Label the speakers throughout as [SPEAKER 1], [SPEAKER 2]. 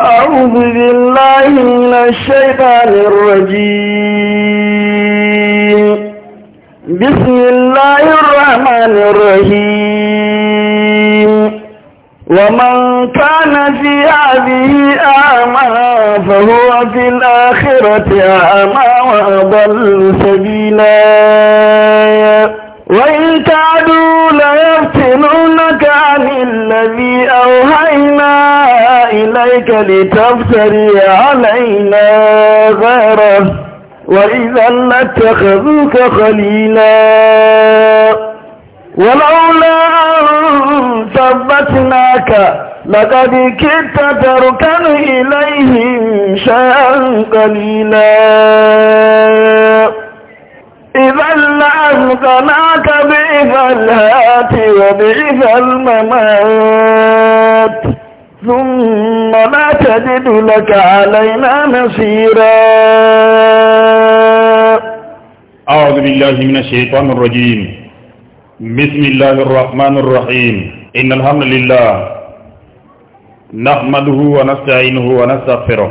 [SPEAKER 1] أعوذ بالله من الشيطان الرجيم بسم الله الرحمن الرحيم ومن كان في هذه أعمى فهو في الآخرة أعمى وأضل سبيلا وإن كادوا ليفتنونك عن الذي أوهينا إليك لتفتري علينا غيره وإذا لاتخذوك خليلا ولولا أن ثبتناك لقد كدت تركن إليهم شيئا قليلا إذا لأذقناك بإذا الهات وبإذا الممات ثم لا تجد لك علينا نصيرا
[SPEAKER 2] أعوذ بالله من الشيطان الرجيم بسم الله الرحمن الرحيم إن الحمد لله نحمده ونستعينه ونستغفره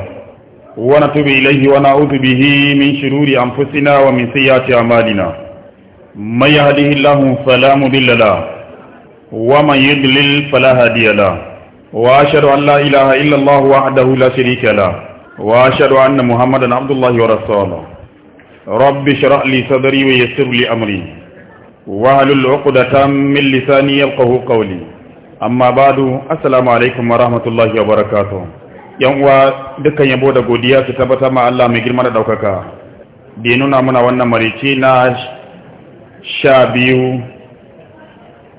[SPEAKER 2] ونتوب إليه ونعوذ به من شرور أنفسنا ومن سيئات أعمالنا من يهده الله فلا مضل له ومن يضلل فلا هادي له واشهد ان لا اله الا الله وحده لا شريك له واشهد ان محمدا عبد الله ورسوله رب اشرح لي صدري ويسر لي امري واحلل عقده من لساني يفقهوا قولي amma badu assalamu alaikum wa rahmatullahi wa barakatuh yan uwa dukkan yabo da godiya su tabbata ma Allah mai girma da ɗaukaka. da nuna muna wannan marici na sha biyu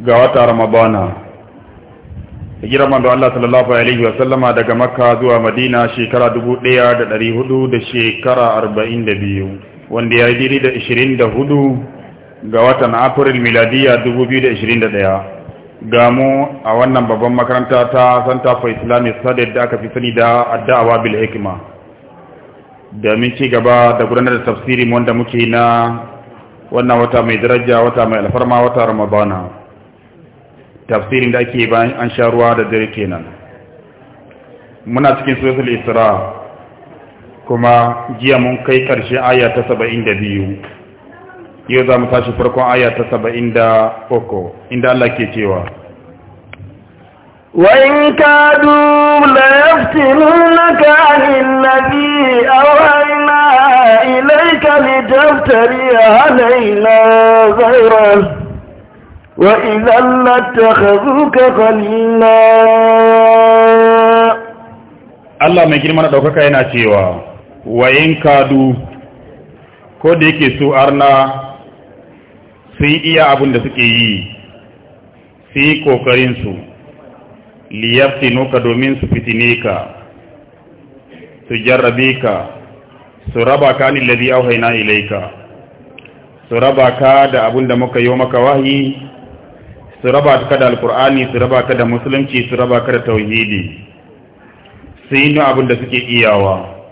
[SPEAKER 2] ga wata ramadana hijirar manzo Allah sallallahu alaihi wa sallama daga makka zuwa madina shekara dubu ɗaya da hudu da shekara arba'in da biyu wanda ya yi da ishirin da hudu ga watan april miladiya dubu biyu da ishirin da ɗaya ga mu a wannan babban makaranta ta santa for islamic studies da aka fi sani da addawa bil hikima mun ci gaba da gudanar da tafsirin wanda muke na wannan wata mai daraja wata mai alfarma wata ramadana tafsirin da ake bayan an sha ruwa da dare kenan muna cikin suratul isra kuma jiya mun kai karshe aya ta 72 yau za mu tashi farkon aya ta 73 inda Allah ke cewa
[SPEAKER 1] وإن كادوا ليفتنونك عن الذي أوهينا إليك لتفتري علينا غيره وإذا لاتخذوك خليلا
[SPEAKER 2] الله ما يجري منا دوكا كاينا تيوا وإن كادوا ko da yake su arna sun iya abin da suke yi su yi ƙoƙarinsu liyafti domin su fitine ka su jarrabe ka su raba ka ni ladi auhaina ilaika su raba ka da abin da muka yi maka wahayi su raba ka da alkur'ani su raba ka da musulunci su raba ka da tauhidi su yi abin da suke iyawa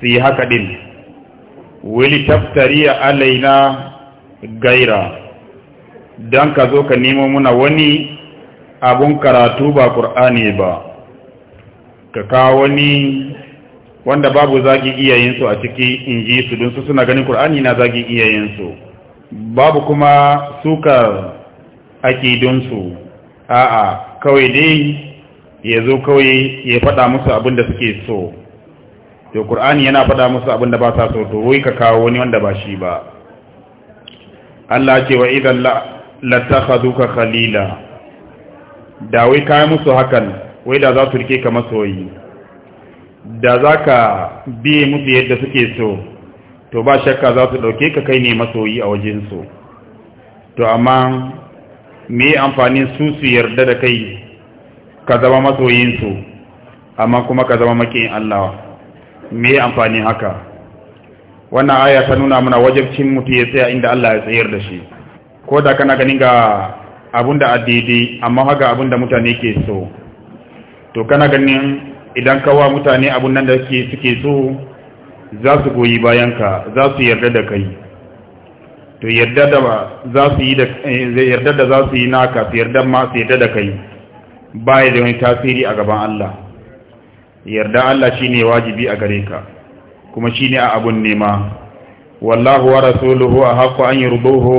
[SPEAKER 2] su yi haka din wili taftariya alaina gaira don ka zo ka nemo muna wani abun karatu ba ƙur'ani ba ka kawo wani wanda babu zagi iyayensu a ciki in ji su don su suna ganin ƙur'ani na zagi iyayensu babu kuma suka aƙidunsu a'a kawai dai ya zo kawai ya faɗa musu abin da suke so to ƙur'ani yana faɗa musu abin da ba sa so to wai ka kawo wani wanda ba shi ba Allah ce wa idan lattakhaduka khalila da wai kai musu hakan wai da za su rike ka masoyi da za ka biye musu yadda suke so to ba shakka za su ɗauke ka kai ne masoyi a wajen su. to amma me amfanin su su yarda da kai ka zama masoyinsu amma kuma ka zama makin Allah me amfani haka wannan aya ta nuna mana wajabcin mutu ya tsaya inda Allah ya tsayar da shi ko da kana ganin ga abun da addidi amma haka abun da mutane ke so to kana ganin idan kawa mutane abun nan da suke so za su goyi bayanka za su yarda da kai to yarda da za su yi da eh, yarda da za su yi naka su yarda ma su yarda da kai ba ya da wani tasiri a gaban Allah yarda Allah shi ne wajibi a gare ka kuma shi ne a abun nema wallahu wa rasuluhu a ahqqu an rubuhu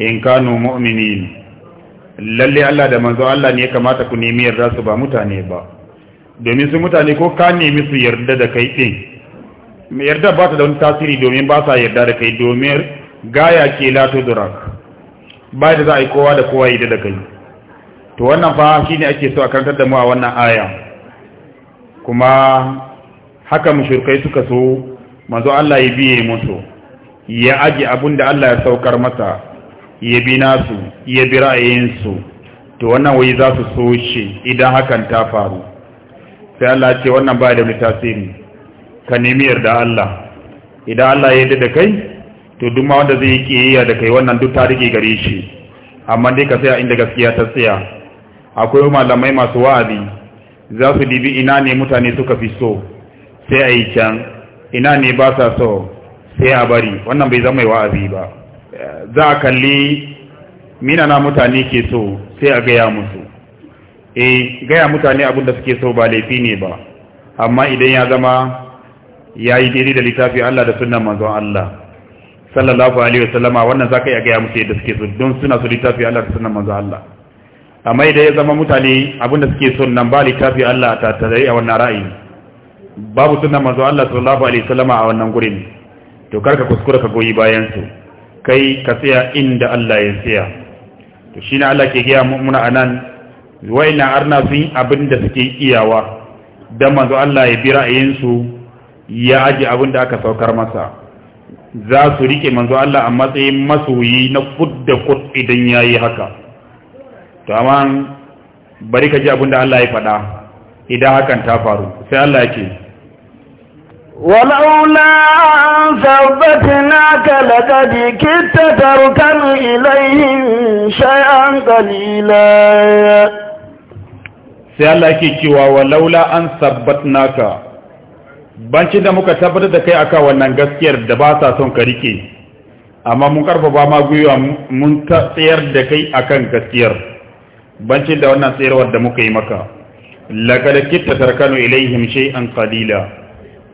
[SPEAKER 2] in kanu mu'minin lalle Allah da manzo Allah ne ya kamata ku nemi yarda su ba mutane ba domin su mutane ko ka nemi su yarda da kai ɗin yarda ba ta da wani tasiri domin ba sa yarda da kai domin gaya ke la ba da za a yi kowa da kowa yi da kai to wannan fa shine ake so a karantar da mu a wannan aya kuma haka mushrikai suka so manzo Allah ya biye musu ya aji abun da Allah ya saukar masa ya bi nasu ya bi ra'ayinsu to wannan wai za su so shi idan hakan ta faru sai Allah ce wannan ba da tasiri ka nemi yarda Allah idan Allah ya yarda da kai to duk ma wanda zai yi kiyayya da kai wannan duk tariki gare shi amma dai ka tsaya inda gaskiya ta tsaya akwai malamai masu wa'azi za su dibi ina ne mutane suka fi so sai a yi can ina ne ba sa so sai a bari wannan bai zama wa'azi ba za a kalli mina na mutane ke so sai a gaya musu e gaya mutane abin da suke so ba laifi ne ba amma idan ya zama ya yi daidai da littafi Allah da sunan manzon Allah sallallahu alaihi wasallam wannan zaka iya gaya musu yadda suke so don suna so littafi Allah da sunan manzo Allah amma idan ya zama mutane abinda suke so nan ba littafi Allah ta tare a wannan ra'ayi babu sunan manzo Allah sallallahu alaihi wasallam a wannan gurin to karka kuskura ka goyi bayan su kai ka tsaya inda Allah ya tsaya to shine Allah ke gaya muna anan wayna arna sun abinda suke iyawa dan manzo Allah ya bi ra'ayin su ya aji abinda aka saukar masa za su rike manzo Allah a matsayin masoyi na kudda kud idan ya yi haka. To, amma bari ka ji abin da Allah ya faɗa idan hakan
[SPEAKER 1] ta faru, sai Allah ya ke. Wala'ula an sabbati na kalakadi kitta tarukan ilayin sha'an kalila.
[SPEAKER 2] Sai Allah ke cewa wa laula an sabbat ka. bancin da muka tabbatar da kai akan wannan gaskiyar da ba sa son ka rike amma mun karfafa ma gwiwa mun tsayar da kai akan gaskiyar bancin da wannan tsayarwar da muka yi maka da kitta tarkano ilaihim shay'an qalila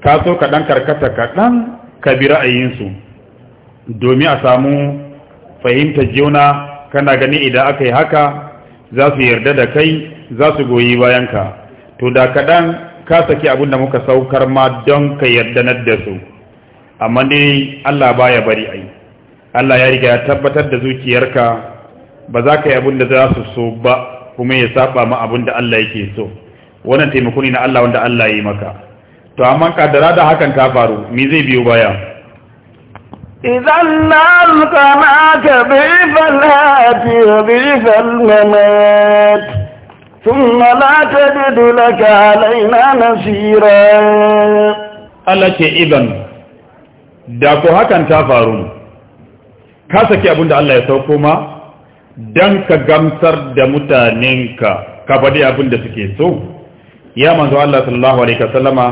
[SPEAKER 2] ka so ka dan karkata ka dan ka bi ra'ayin su domin a samu fahimtar juna kana gani idan aka yi haka za su yarda da kai za su goyi bayanka to da kaɗan ka saki abin da muka saukar ma don ka yardanar da su amma dai Allah ba ya bari ai Allah ya riga ya tabbatar da zuciyarka ba za ka yi abin da za su so ba kuma ya saba ma abin da Allah yake so wannan taimako ne na Allah wanda Allah ya yi maka to amma kadara da hakan ta faru me zai biyo baya
[SPEAKER 1] na النار كما تضيف الهاتي ثم لا تجد لك علينا نصيرا
[SPEAKER 2] Allah ce idan da ko hakan ta faru ka saki abin da Allah ya sauko ma don ka gamsar da mutanenka ka faɗi abin da suke so ya manzo Allah sallallahu alaihi wasallama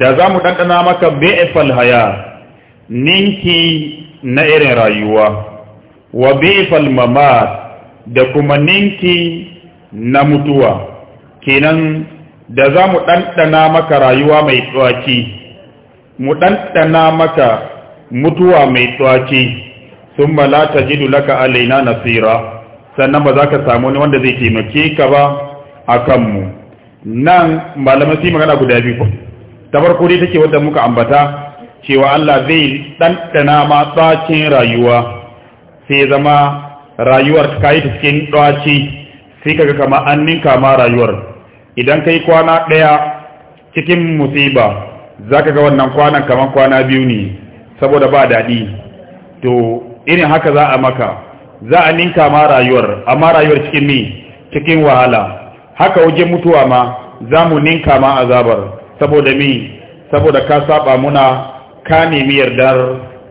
[SPEAKER 2] da za mu ɗanɗana maka bi'fal haya ninki na irin rayuwa wa bi'fal mamar da kuma ninki na mutuwa kenan da za mu ɗanɗana maka rayuwa mai tswaki mu ɗanɗana maka mutuwa mai tswaki sun lata jidu laka alaina nasira sannan ba za ka samu wani wanda zai taimake ka ba a kanmu nan malamai su magana guda biyu ta farko dai take wadda muka ambata cewa Allah zai ɗanɗana ma tsacin rayuwa sai zama rayuwar ta kayi ta cikin ɗwaci sai kaga kama an ninka ma rayuwar idan kai kwana ɗaya cikin musiba zaka ga wannan kwanan kaman kwana biyu ne saboda ba daɗi to irin haka za a maka za a ninka ma rayuwar amma rayuwar cikin me cikin wahala haka wajen mutuwa ma za mu ninka ma azabar saboda mi saboda ka saba muna ka nemi yardar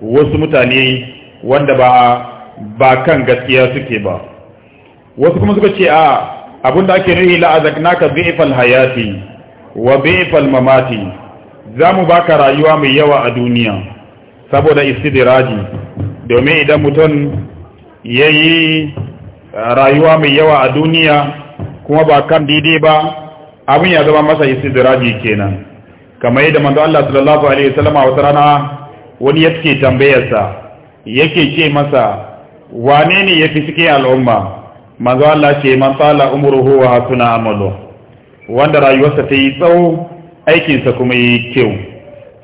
[SPEAKER 2] wasu mutane wanda ba ba kan gaskiya suke ba wasu kuma suka ce a da ake nuhi la'azagnaka bi'fal hayati wa bi'fal mamati za zamu baka rayuwa mai yawa a duniya saboda istidraji domin idan mutum ya yi eh, rayuwa mai yawa a duniya kuma ba kan daidai ba abin ya zama masa istidraji kenan kamar yadda manzo Allah sallallahu alaihi wasallam a wata rana wani yake tambayarsa yake ce masa wane ne yafi cikin al'umma manzo Allah ce man tsala umruhu wa hasuna amalu wanda rayuwarsa ta yi tsawo aikinsa kuma yi kyau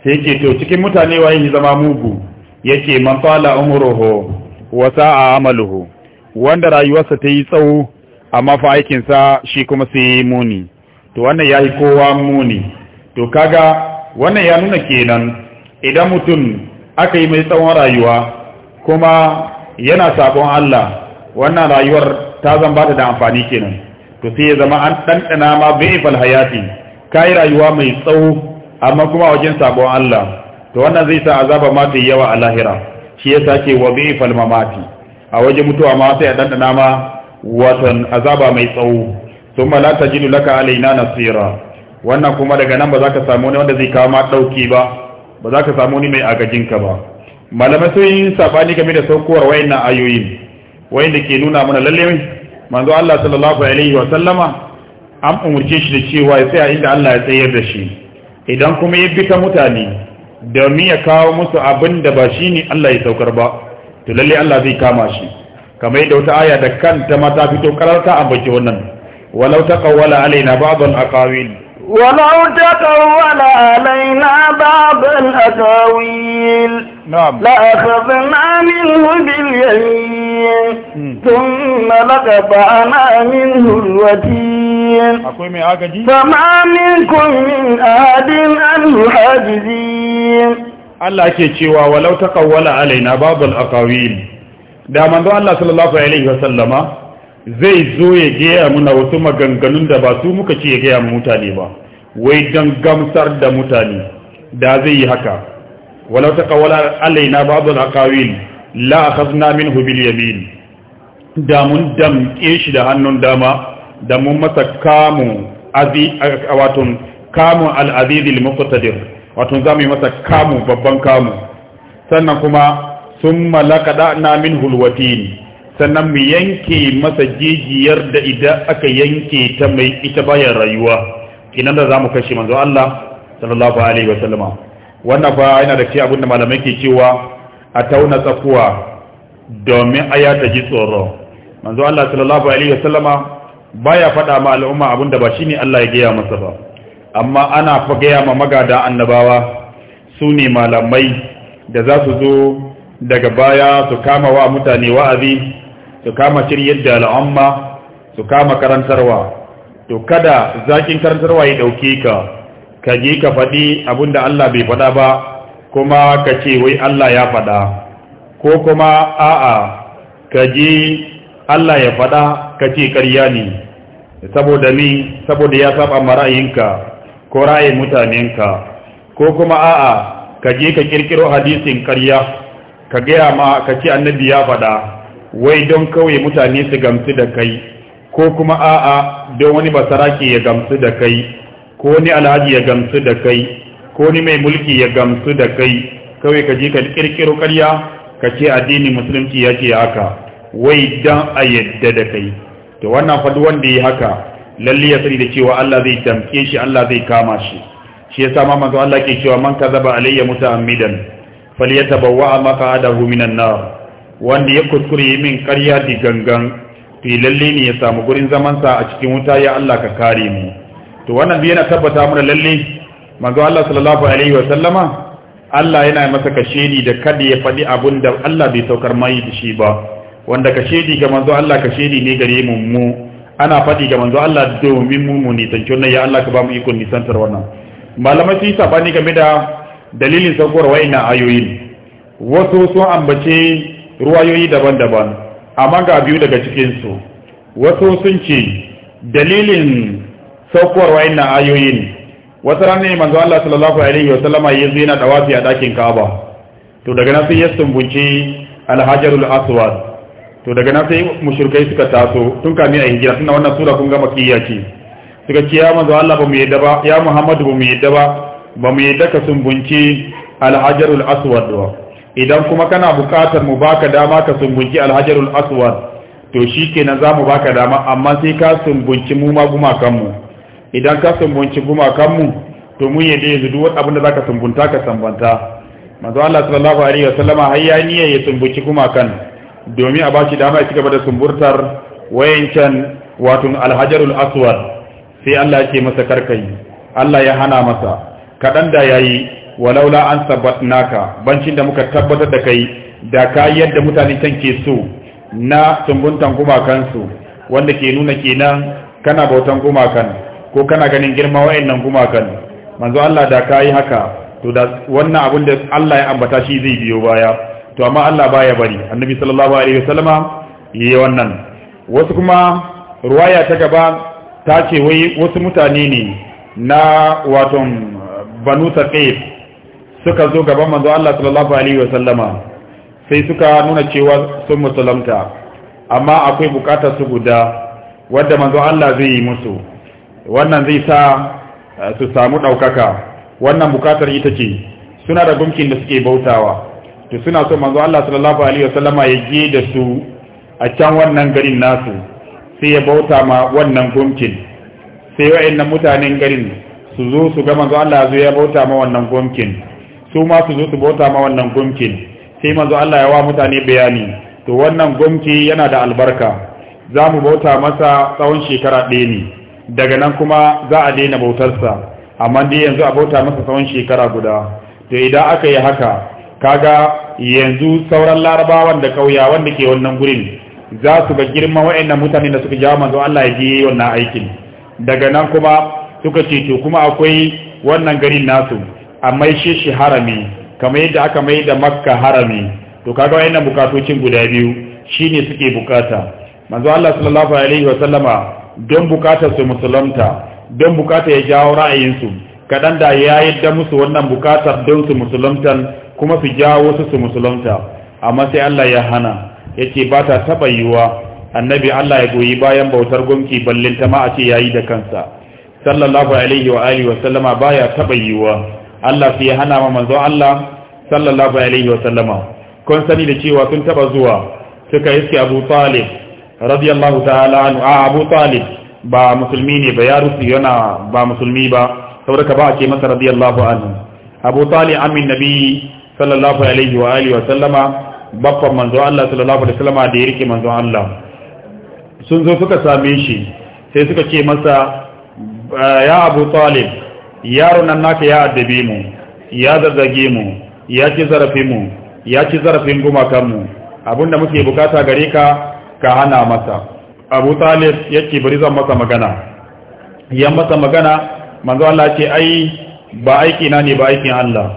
[SPEAKER 2] sai yake to cikin mutane waye zama mugu yake man fala umruhu wa sa'a amaluhu wanda rayuwarsa ta yi tsawo amma fa aikinsa shi kuma sai muni to wannan yayi kowa muni to kaga wannan ya nuna kenan idan mutum aka yi mai tsawon rayuwa kuma yana sabon Allah wannan rayuwar ta zan ba da amfani kenan to sai ya zama an ɗanɗana ma bi'ifal hayati ka yi rayuwa mai tsawo amma kuma wajen sabon Allah to wannan zai sa azaba ma ta yawa a lahira shi ya sake wa bi'ifal mamati a waje mutuwa ma sai a ɗanɗana ma watan azaba mai tsawo sun ma la laka alaina nasira wannan kuma daga nan ba za ka samu wani wanda zai kawo ma ɗauki ba ba za ka samu wani mai agajinka ba malamai sun yi saɓani game da saukowar wayannan ayoyin wayanda ke nuna mana lalle manzo Allah sallallahu alaihi wa sallama an umurce shi da cewa ya tsaya inda Allah ya tsayar da shi idan kuma ya bita mutane domin ya kawo musu abin da ba shi ne Allah ya saukar ba to lalle Allah zai kama shi kamar yadda wata aya da kanta ma ta fito karar ta ambaci wannan walau taqawwala alaina ba'd al-aqawil
[SPEAKER 1] ولو تقول علينا بعض الأقاويل
[SPEAKER 2] نعم لأخذنا منه
[SPEAKER 1] باليمين ثم لقطعنا منه الوتين فما منكم من أحد عنه حاجزين
[SPEAKER 2] Allah ke cewa walau taqawwala alaina babul aqawil da manzo Allah sallallahu alaihi wasallama zai zo ya gaya muna wasu maganganun da ba su muka ce ya gaya mutane ba wai don gamsar da mutane da zai yi haka Wala ta kawala alaina babu al'akawil la akhazna minhu bil yamin da mun damke shi da hannun dama da mun masa kamun azi wato kamu al-aziz al-muqtadir wato zamu yi masa kamu babban kamu sannan kuma summa laqada na minhu al-watin sannan mu yanke masa jijiyar da idan aka yanke ta mai ita bayan rayuwa kinan da za mu kashe manzo Allah sallallahu alaihi sallama, wannan fa yana da ce abin da malamai ke cewa a tauna tsakuwa domin aya ta ji tsoro manzo Allah sallallahu alaihi sallama, baya faɗa ma al'umma abin da ba shine Allah ya gaya masa ba amma ana fa gaya ma magada annabawa su ne malamai da za su zo daga baya su kama wa mutane wa'azi su kama shiryar da al'umma su kama karantarwa to kada zakin karantarwa ya ɗauke ka ka je ka faɗi abin da Allah bai faɗa ba kuma ka ce wai Allah ya faɗa ko kuma a'a ka je Allah ya faɗa ka ce ƙarya ne saboda ni saboda ya saba ma ra'ayinka ko ra'ayin mutanenka ko kuma a'a ka je ka kirkiro hadisin karya ka gaya ma ka ce annabi ya faɗa wai don kawai mutane su gamsu da kai ko kuma a'a don wani basarake ya gamsu da kai ko wani alhaji ya gamsu da kai ko wani mai mulki ya gamsu da kai kawai ka je ka kirkiro karya ka ce addinin musulunci ya ce haka wai don a yadda da kai to wannan faɗi wanda ya haka lalle ya sani da cewa Allah zai damke shi Allah zai kama shi shi yasa ma manzo Allah ke cewa man kazaba alayya muta'ammidan falyatabawwa maqa'adahu minan nar wanda ya kuskure yi min karya di gangan fi lalle ne ya samu gurin zamansa a cikin wuta ya Allah ka kare mu to wannan yana tabbata mana lalle manzo Allah sallallahu alaihi wa sallama Allah yana masa kashedi da kada ya faɗi abun da Allah bai saukar mai da shi ba wanda kashedi ga manzo Allah kashedi ne gare mu mu ana faɗi ga manzo Allah domin mu mu ne Tantun ya Allah ka ba mu ikon nisantar wannan malamai sun sabani game da dalilin saukar wa'ina ayoyin wasu sun ambace ruwayoyi daban-daban amma ga biyu daga cikinsu wasu sun ce dalilin saukowar wa'annan ayoyin wata ranar ne manzo Allah sallallahu alaihi wa sallama ya zo yana dawafi a dakin Kaaba to daga nan sai ya sumbunci al-hajarul aswad to daga nan sai mushrikai suka taso tun kamin a hijira tun wannan sura kun ga makiyya ce suka ce ya manzo Allah ba mu yadda ba ya Muhammadu ba mu yadda ba ba mu yadda ka sumbunci al-hajarul aswad ba idan kuma kana bukatar mu baka dama ka sumbunci alhajarul aswad to kenan za mu baka dama amma sai ka sumbunci mu ma gumakanmu idan ka sumbunci gumakanmu to mun yadda yanzu duk abin da ka sumbunta ka sambanta manzo Allah sallallahu alaihi wasallama har ya niyya ya sumbunci gumakan domin a bashi dama ya cigaba da sumburtar wayancan wato alhajarul aswad sai Allah ya ce masa karkai Allah ya hana masa kadan da yayi walaula an sabbatnaka bancin da muka tabbatar da kai da ka yadda mutane can ke so na tumbuntan gumakansu wanda ke nuna kenan kana bautan gumakan ko kana ganin girma wa'annan gumakan manzo Allah da ka yi haka to da wannan abin da Allah ya ambata shi zai biyo baya to amma Allah baya bari annabi sallallahu alaihi wasallama yi wannan wasu kuma ruwaya ta gaba ta ce wai wasu mutane ne na waton banu taqif suka zo gaban manzo Allah sallallahu alaihi wa sallama sai suka nuna cewa sun musulunta amma akwai bukatar su guda wanda manzo Allah zai yi musu wannan zai sa eh, su samu ɗaukaka wannan bukatar ita ce suna da gumkin da suke bautawa to suna so manzo Allah sallallahu alaihi wasallama ya je da su a can wannan garin nasu sai ya bauta ma wannan gumkin sai wa'annan mutanen garin su zo su ga manzo Allah zai ya bauta ma wannan gumkin su ma su zo su bauta ma wannan gumkin sai manzo Allah ya wa mutane bayani to wannan gumki yana da albarka za mu bauta masa tsawon shekara ɗaya ne daga nan kuma za a daina bautarsa amma dai yanzu a bauta masa tsawon shekara guda to idan aka yi haka kaga yanzu sauran larabawan da kauyawan da ke wannan gurin za su ga girma wa'annan mutane da suka jawo manzo Allah ya je wannan aikin daga nan kuma suka ce to kuma akwai wannan garin nasu a maishe shi harami kamar yadda aka mai da makka harami to kaga wayannan bukatocin guda biyu shine suke bukata manzo Allah sallallahu alaihi wa sallama don bukatar su musulunta don bukata ya jawo ra'ayinsu kadan da ya yadda musu wannan bukatar don su musuluntan kuma su jawo su su musulunta amma sai Allah ya hana yake ba ta taba yiwa annabi Allah ya goyi bayan bautar gunki ballin ta ma a ce yayi da kansa sallallahu alaihi wa alihi sallama baya taba yiwa Allah su ya hana ma manzon Allah sallallahu alaihi wa sallama kun sani da cewa sun taba zuwa suka iske Abu Talib radiyallahu ta'ala anhu a Abu Talib ba musulmi ne ba ya rusu yana ba musulmi ba saboda ba a ce masa radiyallahu anhu Abu Talib amin nabi sallallahu alaihi wa alihi wa sallama babban manzo Allah sallallahu alaihi wa sallama da ya manzo Allah sun zo suka same shi sai suka ce masa ya Abu Talib yaron nan naka ya addabe mu ya zazzage mu ya ci zarafin mu ya ci zarafin gumakan mu abinda muke bukata gare ka ka hana masa Abu Talib yake bari zan masa magana ya masa magana manzo Allah ce ai ba aiki na ne ba aikin Allah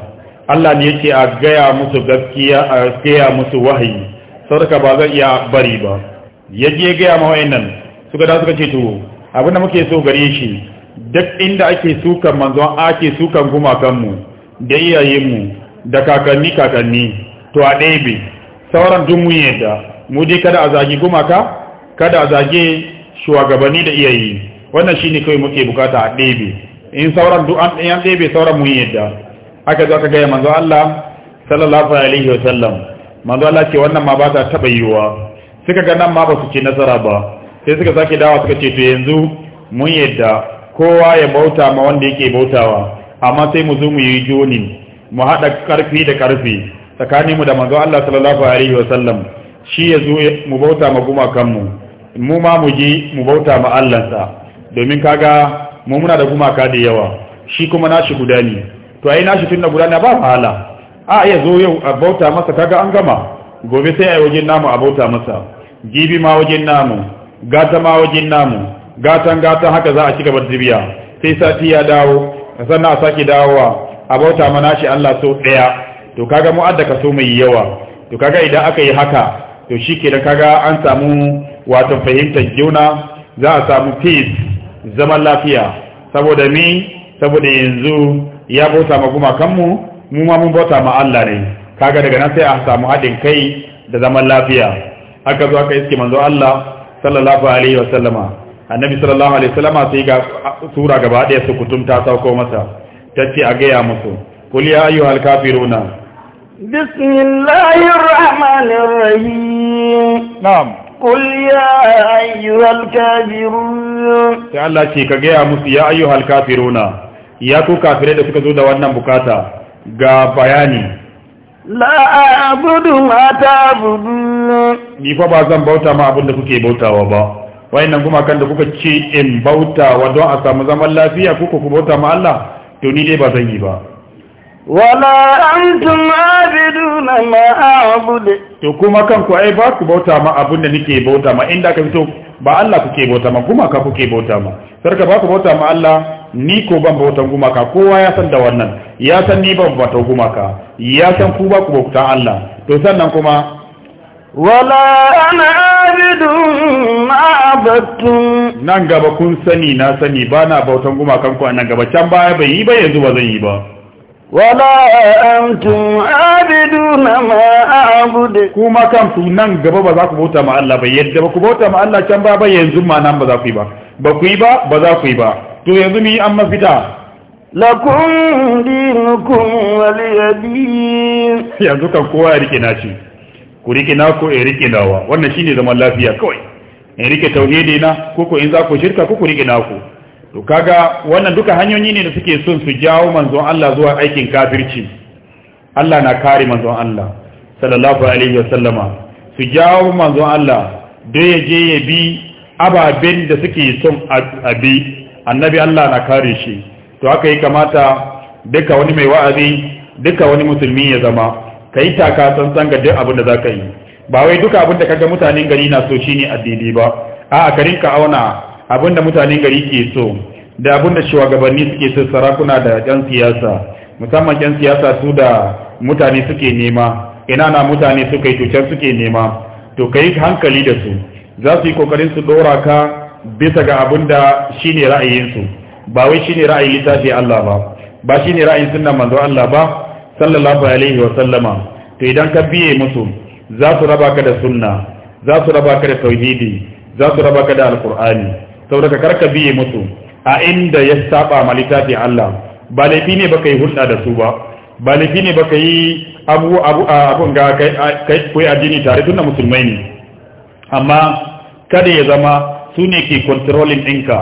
[SPEAKER 2] Allah ne yake a gaya musu gaskiya a gaya musu wahayi saboda ba zai iya bari ba yaje gaya ma wayannan suka da suka ce to abinda muke so gare shi duk inda ake sukan manzon ake sukan gumakanmu da iyayenmu da kakanni kakanni to a ɗebe sauran tun mun yadda mu dai kada a zagi gumaka kada a zage shugabanni da iyayi wannan shi ne kawai muke bukata a ɗebe in sauran duk an ɗayan ɗebe sauran mun yadda aka zo aka gaya manzo Allah sallallahu alaihi wa sallam manzo Allah ce wannan ma ba ta taɓa yiwuwa suka ga nan ma ba su ce nasara ba sai suka sake dawa suka ce to yanzu mun yadda kowa ya bauta ma wanda yake bautawa amma sai mu zo mu yi joni mu haɗa ƙarfi da ƙarfi tsakaninmu da manzo Allah sallallahu alaihi wa sallam shi ya zo mu bauta ma gumakanmu mu ma mu ji mu bauta ma Allah sa. domin kaga mu muna da gumaka da yawa shi kuma nashi guda to ai nashi tun tunna guda ba wahala a ya zo yau a bauta masa kaga an gama gobe sai a wajen namu a bauta masa gibi ma wajen namu gata ma wajen namu gatan gatan haka za a ci gaba da dibiya sai sati ya dawo sannan a sake dawowa a bauta mana shi Allah so daya to kaga mu adda kaso mai yawa to kaga idan aka yi haka to shi da kaga an samu wato fahimtar juna za a samu peace zaman lafiya saboda mi saboda yanzu ya bauta ma gumakanmu mu ma mun bauta ma Allah ne kaga daga nan sai a samu haɗin kai da zaman lafiya aka zo aka iske manzo Allah sallallahu alaihi wasallama annabi sallallahu alaihi wasallama sai ga sura gaba daya su kutum ta sauko masa tace a gaya musu qul ya ayyuhal kafiruna
[SPEAKER 1] bismillahir rahmanir rahim na'am qul ya ayyuhal kafirun
[SPEAKER 2] sai Allah ce ka gaya musu ya ayyuhal kafiruna ya ku kafirai da suka zo da wannan bukata ga bayani
[SPEAKER 1] la abudu ma ta'budun
[SPEAKER 2] ni fa ba zan bauta ma abinda kuke bautawa ba wayannan gumakan da kuka ce in bauta wa don a samu zaman lafiya kuka ku bauta ma Allah to ni dai ba zan yi ba
[SPEAKER 1] wala antum abiduna ma
[SPEAKER 2] a'budu to kuma ku ai ba ku bauta ma abun da nake bauta ma inda ka fito ba Allah kuke bauta ma kuma ka kuke bauta ma sarka ba ku bauta ma Allah ni ko ban bautan gumaka kowa ya san da wannan ya san ni ban bautan gumaka ya san ku ba ku bauta Allah to sannan kuma wala ana abidun ma abattum nan gaba kun sani na sani ba na bautan gumakan ku a nan gaba can baya bai yi ba yanzu ba zan yi ba wala antum abiduna ma a'budu kuma kanku nan gaba ba za ku bauta ma Allah ba yadda ba ku bauta ma Allah can baya ba yanzu ma nan ba za ku yi ba ba ku yi ba ba za ku yi ba to yanzu mu yi an mafita
[SPEAKER 1] lakum dinukum waliyadin
[SPEAKER 2] yanzu kan kowa ya rike naci ku rike na ko in rike nawa wannan shine zaman lafiya kawai in rike tauhidi na ko ko in za ku shirka ko ku rike naku to kaga wannan duka hanyoyi ne da suke son su jawo manzon Allah zuwa aikin kafirci Allah na kare manzon Allah sallallahu alaihi wasallama su jawo manzon Allah da ya je ya bi ababen da suke son abi annabi Allah na kare shi to haka yi kamata duka wani mai wa'azi duka wani musulmi ya zama ka yi taka tsantsan ga duk abin da za ka yi ba wai duka abin da kaga mutanen gari na so shi ne addini ba a ka auna abin da mutanen gari ke so da abin da shugabanni suke so sarakuna da yan siyasa musamman yan siyasa su da mutane suke nema ina na mutane suka yi tucar suke nema to ka yi hankali da su za su yi kokarin su dora ka bisa ga abin da shi ne ra'ayinsu ba wai shi shine ra'ayin littafi Allah ba ba ne ra'ayin sunan manzo Allah ba sallallahu alaihi wa sallama to idan ka biye musu za su raba ka da sunna za su raba ka da tauhidi za su raba ka da alqur'ani saboda kar ka biye musu a inda ya saba ma Allah ba laifi ne baka yi hulɗa da su ba ba laifi ne baka yi abu abu abun ga kai koyi addini tare tunda musulmai ne amma kada ya zama su ne ke controlling ɗinka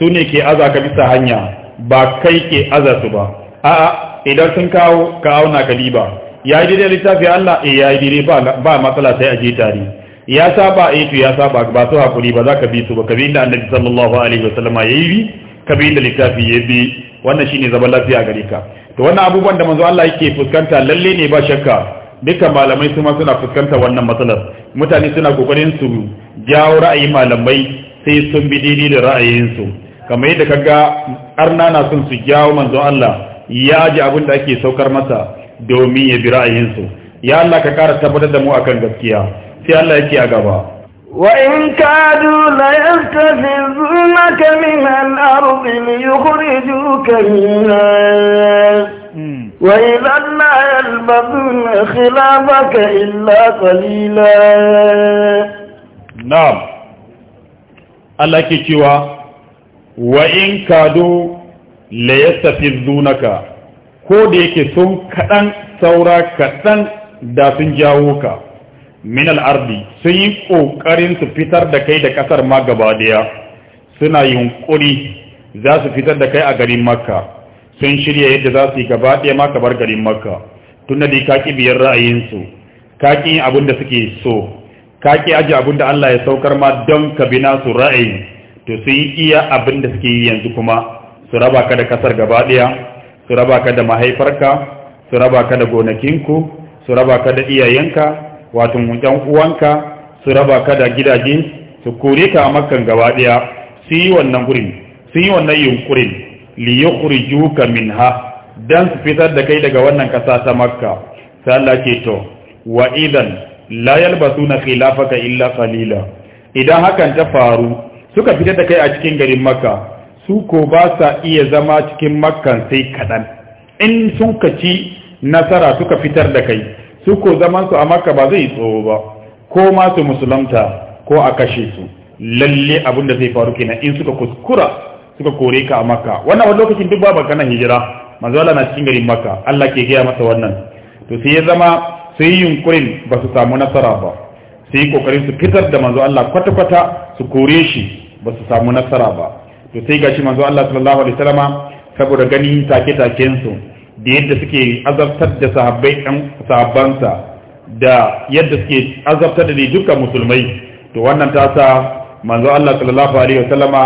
[SPEAKER 2] su ne ke aza ka bisa hanya ba kai ke aza su ba a'a idan sun kawo ka auna ka ba ya yi daidai littafi Allah eh ya yi daidai ba matsala sai a je tare ya saba eh to ya saba ba su hakuri ba za ka bi su ba ka bi inda annabi sallallahu alaihi wasallama ya yi bi ka bi inda littafi ya bi wannan shine zaman lafiya gare ka to wannan abubuwan da manzo Allah yake fuskanta lalle ne ba shakka dukkan malamai su ma suna fuskantar wannan matsalar mutane suna kokarin su jawo ra'ayin malamai sai sun bi daidai da ra'ayinsu kamar yadda kaga arna na son su jawo manzo Allah ya ji abin da ake saukar masa domin ya bi ra'ayinsu ya Allah ka kara tabbatar da mu akan gaskiya sai Allah yake a gaba
[SPEAKER 1] wa in kadu la yastazunaka min al-ardi yukhrijuka minha hmm. wa idha la yalbadun khilafaka illa qalila na'am
[SPEAKER 2] Allah ke cewa wa in kadu la zunaka ko da yake sun kaɗan saura kaɗan da sun jawo ka min al'ardi sun yi ƙoƙarin su fitar da kai da ƙasar ma gaba daya suna yunƙuri za su fitar da kai a garin makka sun shirya yadda za su yi gaba ɗaya ma kabar garin makka tun da ka ƙi biyar ra'ayinsu ka ƙi abin da suke so ka ƙi aji abin da Allah ya saukar ma don ka bi nasu ra'ayi to sun yi iya abin da suke yi yanzu kuma su raba ka da kasar gaba ɗaya su raba ka da mahaifarka su raba ka da gonakinku su raba ka da iyayenka wato yan uwanka su raba ka da gidaje su kore ka a makkan gaba ɗaya su yi wannan gurin su yi wannan yunkurin li yukhrijuka minha dan su fitar da kai daga wannan kasa ta makka sai Allah ce to wa idan la yalbasuna khilafaka illa qalila idan hakan ta faru suka fitar da kai a cikin garin makka su ko ba sa iya zama cikin makkan sai kaɗan in sun ka ci nasara suka fitar da kai su ko zamansu a makka ba zai tsoho ba ko ma su musulunta ko a kashe su lalle abin da zai faru kenan in suka kuskura suka kore ka a makka wannan wani lokacin duk babu kana hijira manzo Allah na cikin garin makka Allah ke gaya masa wannan to sai ya zama sai yunkurin ba su samu nasara ba sai kokarin su fitar da manzo Allah kwata-kwata su kore shi ba su samu nasara ba to sai gashi manzo Allah sallallahu alaihi wasallama saboda gani take take su da yadda suke azabtar da sahabbai ɗan sahabbansa da yadda suke azabtar da dukkan musulmai to wannan ta sa manzo Allah sallallahu alaihi wasallama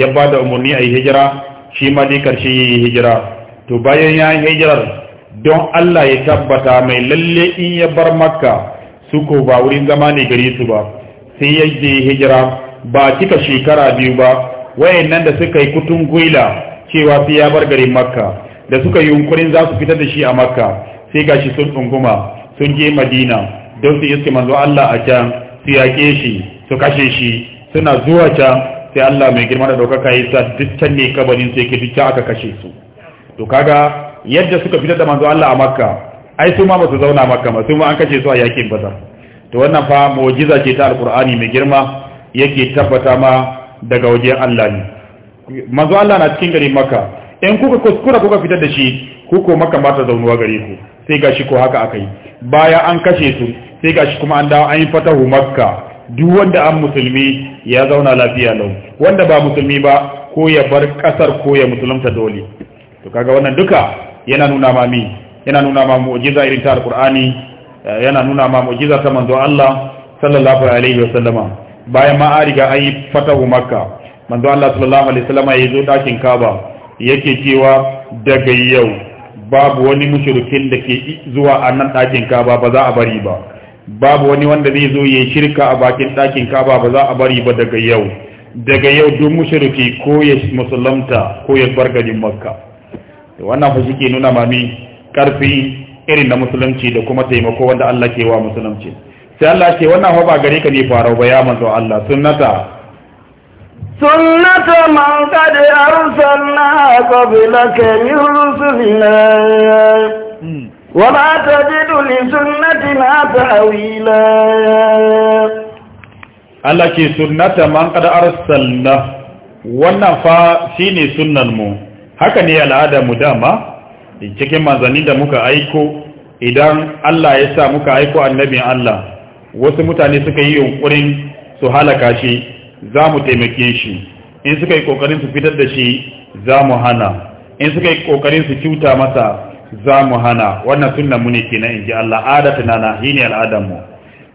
[SPEAKER 2] ya ba da umarni a yi hijira shi ma dai karshe ya yi hijira to bayan ya yi hijirar don Allah ya tabbata mai lalle in ya bar makka su ko ba wurin zama ne gare su ba sai ya yi hijira ba kika shekara biyu ba nan da suka yi kutun gwila cewa sai ya bar garin makka da suka yi yunkurin za su fitar da shi a makka sai ga shi sun ɗunguma sun je madina don su iske manzo Allah a can su yaƙe shi su kashe shi suna zuwa can sai Allah mai girma da ɗaukaka ya sa dukkan ne kabarin sai ke can aka kashe su to kaga yadda suka fitar da manzo Allah a makka ai su ma ba su zauna makka ba su ma an kashe su a yaƙin bazar to wannan fa mu'jiza ce ta Alƙur'ani mai girma yake tabbata ma daga wajen Allah ne manzo Allah na cikin garin maka in kuka kuskura kuka fitar da shi kuko maka ba ta zaunuwa gare ku sai gashi ko haka akai baya an kashe su sai gashi kuma an dawo an yi fatahu Makka duk wanda an musulmi ya zauna lafiya lau wanda ba musulmi ba ko ya bar kasar ko ya musulunta dole to kaga wannan duka yana nuna ma yana nuna ma mu'jiza irin ta alqur'ani eh, yana nuna ma mu'jiza ta manzo Allah sallallahu alaihi wasallama bayan ma an riga an yi fatahu makka manzo Allah sallallahu alaihi wasallam ya zo dakin Kaaba yake cewa daga yau babu wani mushrikin da ke zuwa a nan dakin Kaaba ba za a bari ba babu wani wanda zai zo yayin shirka a bakin dakin Kaaba ba za a bari ba daga yau daga yau duk mushriki ko ya musulunta ko ya bar garin Makka wannan fa shike nuna mami karfi irin na musulunci da kuma taimako wanda Allah ke wa musulunci sai Allah ce wannan fa ba gare ka ne farau ba ya manzo Allah sunnata
[SPEAKER 1] سنة من قد أرسلنا قبلك من رسلنا ولا تجد لسنتنا tawila
[SPEAKER 2] Allah ke sunnata man qad arsalna wannan fa shine sunnan mu haka ne al'ada mu dama cikin manzanni da muka aiko idan Allah ya sa muka aiko annabin Allah wasu mutane suka yi yunkurin su halaka shi za mu taimake shi in suka yi kokarin su fitar da shi za mu hana in suka yi kokarin su cuta masa za mu hana wannan suna mu ne na inji Allah adatuna na na hini al'adam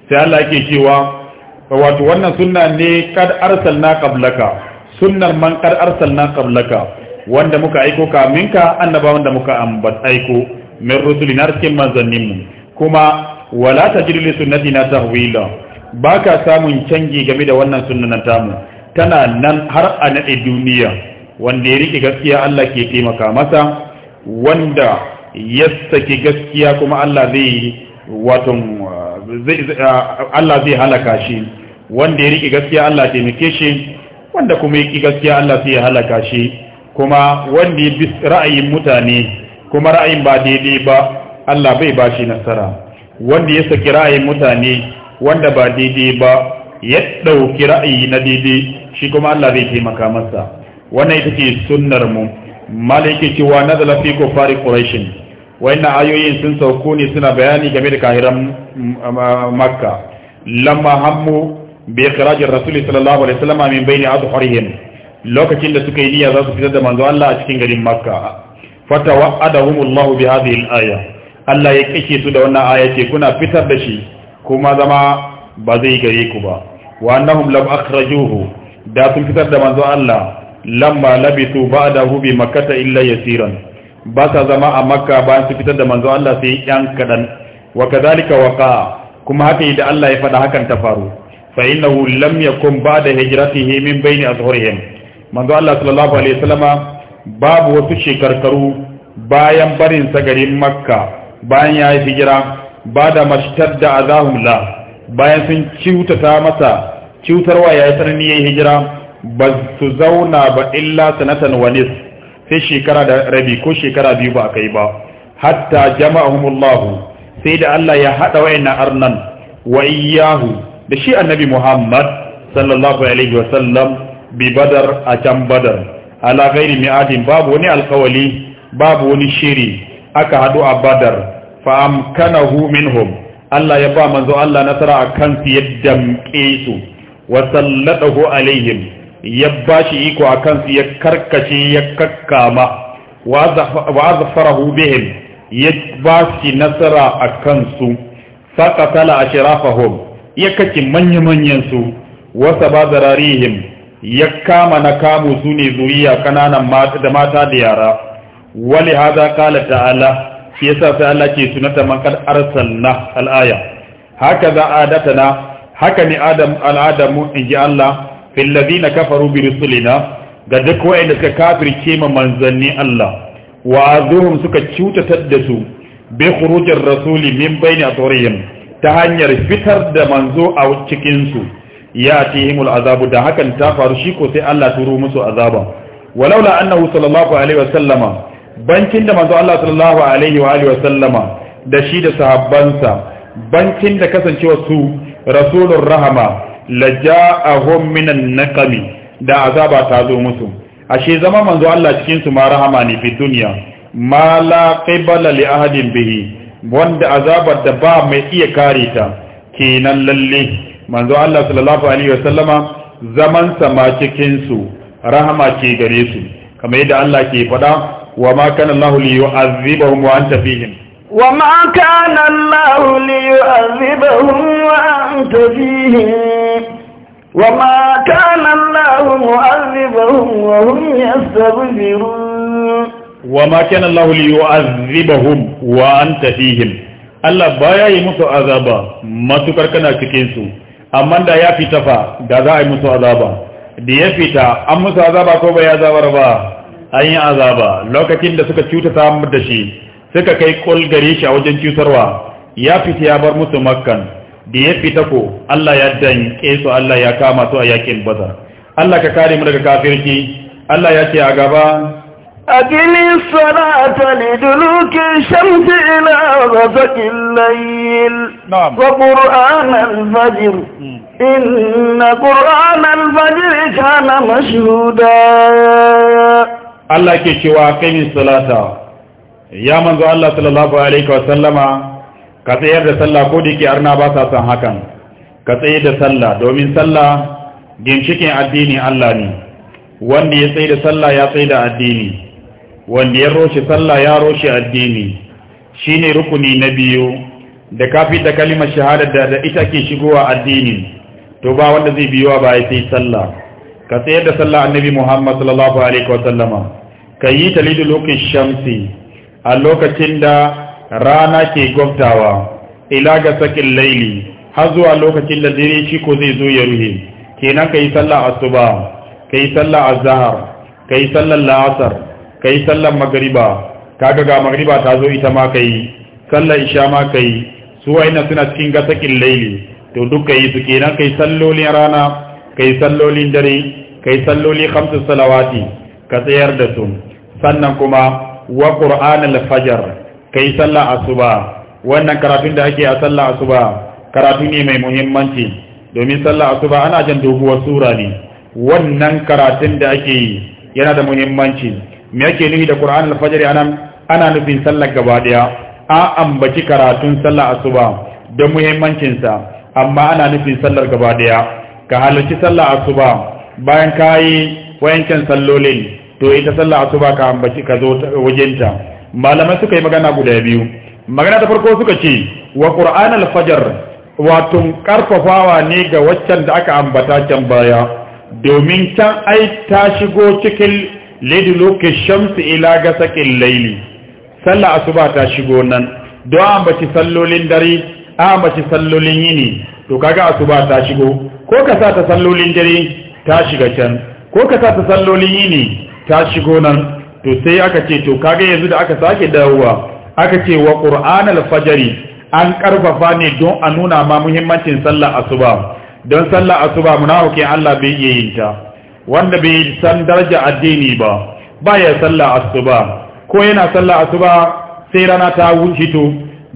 [SPEAKER 2] sai Allah ke cewa wato wannan sunna ne kad na kablaka sunan man kad na kablaka wanda muka aiko ka annaba wanda muka ambat aiko min rusulina cikin manzannin mu kuma wala tajidu ta sunnatina tahwila ka samun canji game da wannan sunnan tamu tana nan har a naɗe duniya wanda ya riƙe gaskiya Allah ke taimaka masa wanda ya saki gaskiya kuma Allah zai wato Allah zai halaka shi wanda ya riƙe gaskiya Allah taimake shi wanda kuma ya ƙi gaskiya Allah zai halaka shi kuma wanda ya bi ra'ayin mutane kuma ra'ayin ba daidai ba Allah bai ba shi nasara wanda ya saki ra'ayin mutane wanda ba daidai ba ya ɗauki ra'ayi na daidai shi kuma Allah zai taimaka masa wannan ita ce sunnar mu malaki cewa nazala fi kufari quraish wayannan ayoyin sun sauko ne suna bayani game da kahiran mm, mm, makka lamma hammu bai ikhrajir rasul sallallahu alaihi wasallam min baini adhharihim lokacin da suka yi niyya za su fitar da manzo Allah a cikin garin makka fatawa'adahumullahu bi hadhihi al-aya Allah ya kashe su da wannan aya ce kuna fitar da shi kuma zama ba zai gare ku ba wa annahum lam akhrajuhu da sun fitar da manzo Allah lamma labitu ba'dahu bi makkata illa yasiran ba sa zama a makka bayan su fitar da manzo Allah sai yan kadan wa kadhalika waqa kuma haka da Allah ya fada hakan ta faru fa innahu lam yakun ba'da hijratihi min baini azhurihim manzo Allah sallallahu alaihi wasallama babu wasu shekarkaru bayan barin sa garin makka bayan ya yi hijira ba da mashtar da azahun la bayan sun ciutata masa ciutarwa ya yi tsanani ya yi hijira ba su zauna ba illa sanatan wanis sai shekara da rabi ko shekara biyu ba a kai ba hatta jama'ahumullahu sai da Allah ya haɗa wayannan arnan wa iyahu da shi annabi Muhammad sallallahu alaihi wa sallam bi badar a can badar ala ghairi mi'adin babu wani alkawali babu wani shiri aka haɗu a badar fa amkanahu minhum Allah ya ba manzo Allah nasara akan su yadda mke su wa sallatahu alaihim ya ba iko akan su ya karkace ya kakkama wa azfarahu bihim ya ba shi nasara akan su faqatala ashrafahum ya kace manya-manyan su wa sabadararihim ya kama na kamu su ne zuriya kananan mata da mata da yara wali hada kala ta'ala shi yasa sai Allah ke tunata man kad arsalna al-aya haka za adatana haka ne adam al-adamu inji Allah fil ladina kafaru bi rusulina ga duk wanda suka kafirce ma manzanni Allah wa azuhum suka cutatar da su bi khurujir rasuli min bayni atorihim ta hanyar fitar da manzo a cikin su ya tihimul azabu da hakan ta faru shi ko sai Allah turo musu azaba walaula annahu sallallahu alaihi sallama. bankin da manzo Allah sallallahu alaihi wa alihi wa sallama da shi da sahabbansa bankin da kasancewa su rasulur rahama laja'ahum minan naqami da azaba ta zo musu ashe zama manzo Allah cikin su ma rahama ne fi duniya ma la qibala li ahadin bihi wanda azabar da ba mai iya kare ta kenan lalle manzo Allah sallallahu alaihi wa sallama zaman sa ma cikin su rahama ke gare su kamar yadda Allah ke faɗa wa ma kana Allah li yu'adhibahum wa anta fihim
[SPEAKER 1] wa ma kana Allah li wa anta fihim wa ma kana Allah mu'adhibahum wa wa
[SPEAKER 2] Allah wa Allah baya yi musu azaba matukar kana cikin su amma da ya fita fa da za a yi musu azaba da ya fita an musu azaba ko bai azabar ba an yi azaba lokacin da suka cuta samar da shi suka kai kol gare shi a wajen cutarwa ya fita ya bar musu makkan da ya fita ko Allah ya danke su Allah ya kama su a yakin bazar Allah ka
[SPEAKER 1] kare mu daga kafirci Allah ya ce a gaba أقل الصلاة لدلوك الشمس إلى غسق الليل نعم. وقرآن الفجر إن قرآن الفجر كان مشهودا
[SPEAKER 2] Allah ke cewa kaimin salata ya manzo Allah sallallahu alaihi wa sallama ka tsayar da sallah ko dike arna ba sa san hakan ka tsayar da sallah domin sallah ginshikin addini Allah ne wanda ya tsayar da sallah ya tsayar da addini wanda ya roshe sallah ya roshe addini shine rukuni na biyu da kafi da kalimar shahada da ita ke shigowa addini to ba wanda zai biyo ba ya sai sallah ka tsayar da sallah annabi Muhammad sallallahu alaihi wa sallama ka yi ta lokacin shamsi a lokacin da rana ke gwabtawa ila ga sakin laili har zuwa lokacin da dare shi ko zai zo ya ruhe kenan ka yi sallah asuba ka yi sallah azhar ka yi sallah la'asar ka yi sallah magriba kaga ga magriba ta zo ita ma ka yi sallah isha ma ka yi su wa'ina suna cikin ga sakin laili to duk ka yi su kenan ka yi sallolin rana kai sallolin dare kai salloli khamsu salawati ka tsayar da su sannan kuma wa qur'an al-fajr kai sallah asuba wannan karatun da ake a sallah asuba karatu ne mai muhimmanci domin sallah asuba ana jan doguwar sura ne wannan karatun da ake yi yana da muhimmanci me yake nufi da qur'an al-fajr anan ana nufin sallar gaba daya a ambaci karatun sallah asuba don muhimmancinsa amma ana nufin sallar gaba daya ka halarci sallah asuba bayan ka yi wayancan sallolin to ita sallah asuba ka ambaci ka zo wajenta malamai suka yi magana guda biyu magana ta farko suka ce wa qur'an al-fajr wato karfafawa ne ga waccan da aka ambata can baya domin can ai ta shigo cikin loke shamsi ila ga sakin laili sallah asuba ta shigo nan don ambaci sallolin dare ambaci sallolin yini to kaga asuba ta shigo ko ka sa ta sallolin dare ta shiga can ko ka sa ta sallolin yini ta shigo nan to sai aka ce to kaga yanzu da aka sake dawowa aka ce wa qur'an al-fajri an karfafa ne don a nuna ma muhimmancin sallar asuba don sallar asuba munafikin Allah bai iya ta wanda bai san daraja addini ba baya sallar asuba ko yana sallar asuba sai rana ta wuce to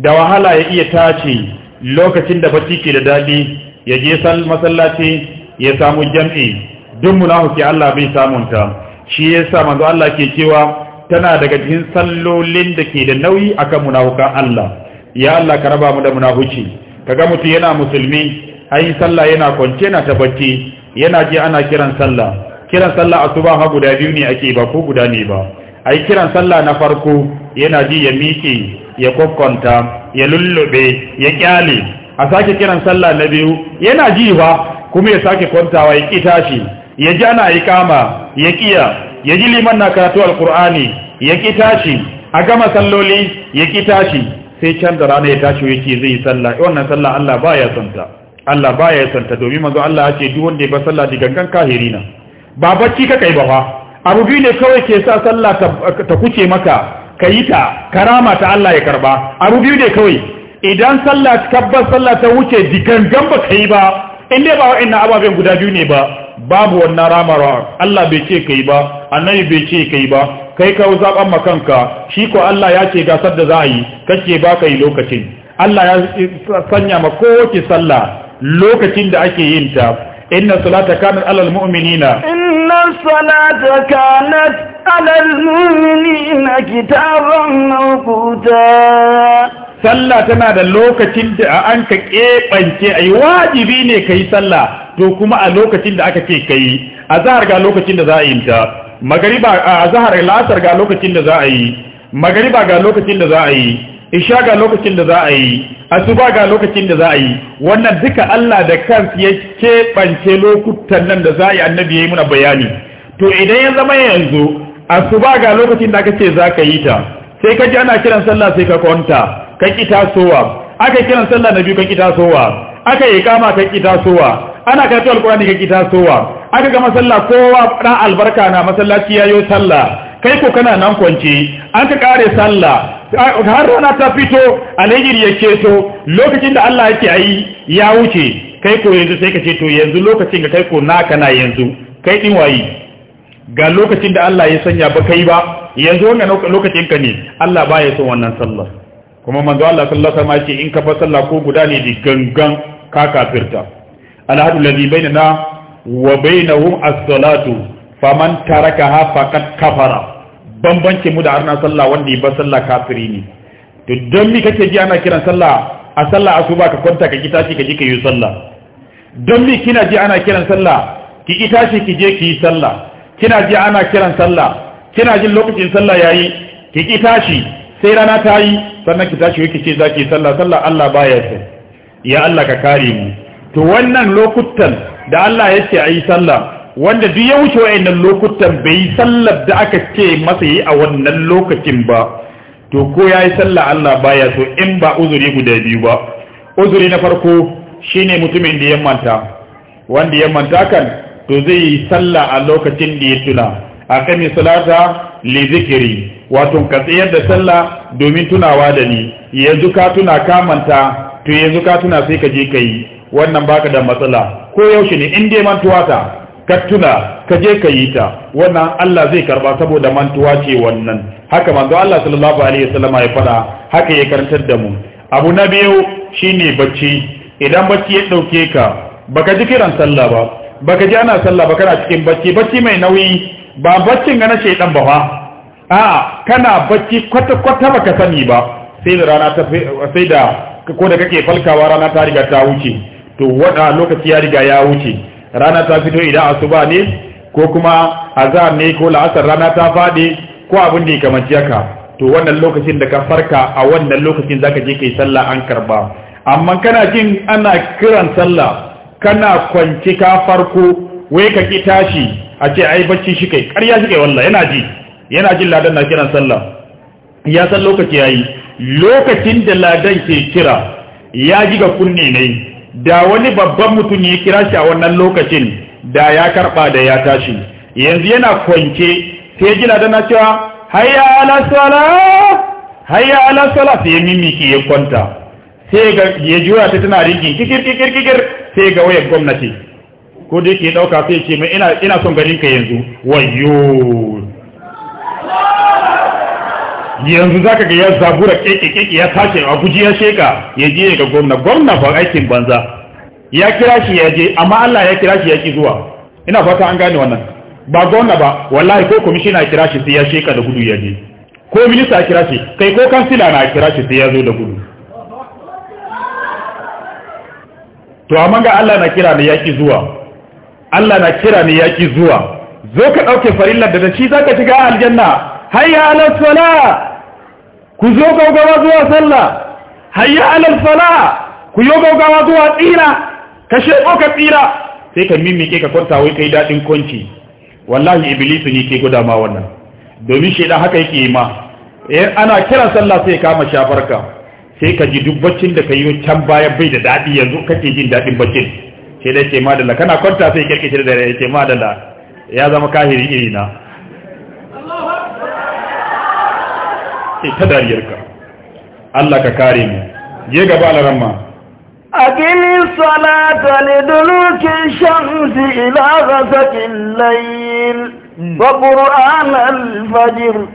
[SPEAKER 2] da wahala ya iya tace lokacin da bacci ke da dadi ya je sal masallaci ya samu jam'i duk munafiki Allah bai samunta shi yasa manzo Allah ke cewa tana daga cikin sallolin da ke da nauyi akan munafikan Allah ya Allah ka raba mu da ka ga mutum yana musulmi ai sallah yana kwance na tabbaci yana ji ana kiran sallah kiran sallah asuba ha guda biyu ne ake ba ko guda ne ba ai kiran sallah na farko yana ji ya miƙe ya kokkonta ya lullube ya kyale a sake kiran sallah na biyu yana ji ba kuma ya sake kwantawa ya ƙi tashi ya ji ana yi ya ƙiya ya ji liman na karatu al-kur'ani ya ƙi tashi a gama salloli ya ƙi tashi sai can da rana ya tashi yake zai yi sallah wannan sallah Allah baya santa ta Allah baya santa domin manzo Allah ya ce duk wanda ya ba sallah digangan kahirina ba bacci ka kai ba fa abu biyu ne kawai ke sa sallah ta kuce maka ka yi ta karama ta Allah ya karba abu biyu ne kawai idan sallah tabbas sallah ta wuce digangan ba ka yi ba in dai ba wa'annan ababen guda biyu ne ba babu wannan ramara Allah bai ce kai ba annabi bai ce kai ba kai ka zaban makanka shi ko Allah ya ce gasar da za a yi kake ba kai lokacin Allah ya sanya ma kowace sallah lokacin da ake yin ta inna salata kanat alal mu'minina
[SPEAKER 1] inna salata kanat alal mu'minina kitaban mawquta
[SPEAKER 2] sallah tana da lokacin da an ka keɓance ayi wajibi ne ka yi sallah to kuma a lokacin da aka ce ka yi a zahar ga lokacin da za a yi ta magariba a zahar la'asar ga lokacin da za a yi magariba ga lokacin da za a yi isha ga lokacin da za a yi asuba ga lokacin da za a yi wannan duka Allah da kansa ya keɓance lokutan nan da za a yi annabi ya yi muna bayani to idan ya zama yanzu asuba ga lokacin da aka ce za ka yi ta sai ka ji ana kiran sallah sai ka kwanta ka ki tasowa aka kiran sallah na biyu ka ki tasowa aka yi kama ka ki tasowa ana karatu alkurani ka ki tasowa aka ga sallah kowa ɗan albarka na masallaci yayo sallah kai ko kana nan kwance an ka kare sallah har rana ta fito alhijir ya keto lokacin da Allah yake ayi ya wuce kai ko yanzu sai ka ce to yanzu lokacin ga kai ko naka na yanzu kai din wayi ga lokacin da Allah ya sanya ba kai ba yanzu wannan lokacin ka ne Allah ba ya son wannan sallah kuma manzo Allah sallallahu alaihi wasallam ce in ka fa sallah ko guda ne di gangan ka kafirta alhadu ladhi bainana wa bainahum as-salatu faman tarakaha faqad kafara bambancin mu da arna sallah wanda ba sallah kafiri ne to don mi kake ji ana kiran sallah a sallah asuba ka kwanta ka ki tashi ka je ka yi sallah don mi kina ji ana kiran sallah ki ki tashi ki je ki yi sallah kina ji ana kiran sallah kina jin lokacin sallah yayi ki ki tashi sai rana ta yi sannan ki tashi ki ce zaki sallah sallah Allah baya ya Allah ka kare mu to wannan lokutan da Allah ya ce ayi sallah wanda duk ya wuce wayannan lokutan bai sallar da aka ce masa yi a wannan lokacin ba to ko yayi sallah Allah baya so in ba uzuri guda biyu ba uzuri na farko shine mutumin da ya manta wanda ya manta kan to zai yi sallah a lokacin da ya tuna a kan salata li zikiri wato ka tsayar da sallah domin tunawa da ni yanzu ka tuna kamanta to yanzu ka tuna sai ka je ka yi wannan baka da matsala ko yaushe ne in dai mantuwa ta ka tuna ka je ka yi ta wannan Allah zai karba saboda mantuwa ce wannan haka manzo Allah sallallahu alaihi wasallam ya fada haka ya karantar da mu abu na biyu shine bacci idan bacci ya dauke ka baka ji kiran sallah ba baka ji ana sallah ba kana cikin bacci bacci mai nauyi ba baccin ga na shaydan ba fa a kana bacci kwata-kwata baka sani ba sai da rana ta sai da ko da kake falkawa rana ta riga ta wuce to wada lokaci ya riga ya wuce rana ta fito idan asuba ne ko kuma azhar ne ko la'asar rana ta fadi ko abin da ya kamanci haka to wannan lokacin da ka farka a wannan lokacin zaka je kai sallah an karba amma kana jin ana kiran sallah kana kwanci ka farko wai ka ki tashi a ce ai bacci shi kai ƙarya shi kai wallahi yana ji yana jin ladan na kiran sallah ya san lokaci yayi lokacin da ladan ke kira ya ji ga kunne ne da wani babban mutum ya kira shi a wannan lokacin da ya karba da ya tashi yanzu yana kwance sai ji ladan na cewa hayya ala sala hayya ala sala sai ya mimiki ya kwanta sai ga ya jura ta tana rigin kikir kikir kikir sai ga wayar gwamnati ko da yake dauka sai ce mai ina ina son ganin ka yanzu wayyo yanzu zaka ga ya zabura keke keke ya tashi a guji ya sheka ya je ga gwamna gwamna ba aikin banza ya kira shi ya je amma Allah ya kira shi ya ki zuwa ina fata an gane wannan ba gwamna ba wallahi ko kwamishina ya kira shi sai ya sheka da gudu ya je ko minista ya kira shi kai ko kansila na kira shi sai ya zo da gudu to amma ga Allah na kira ne ki zuwa Allah na kira ne ki zuwa zo ka dauke farillar da shi zaka shiga aljanna hayya ala sala
[SPEAKER 1] ku zo gaugawa zuwa sallah hayya alal fala ku yo gaugawa zuwa tsira ka sheko ka tsira
[SPEAKER 2] sai ka mimike ka kwanta wai kai dadin kwanci wallahi iblisu ne ke guda ma wannan domin shedan haka yake ma eh ana kira sallah sai kama shafarka sai ka ji duk baccin da kai can baya bai da dadi yanzu kake jin dadin baccin sai dai ce madalla kana kwanta sai kirkice da dare ce madalla ya zama kahiri irina sai dariyarka Allah ka kare mu je gaba alaramma
[SPEAKER 1] الصلاة لدلوك الشمس إلى غسق الليل وقرآن الفجر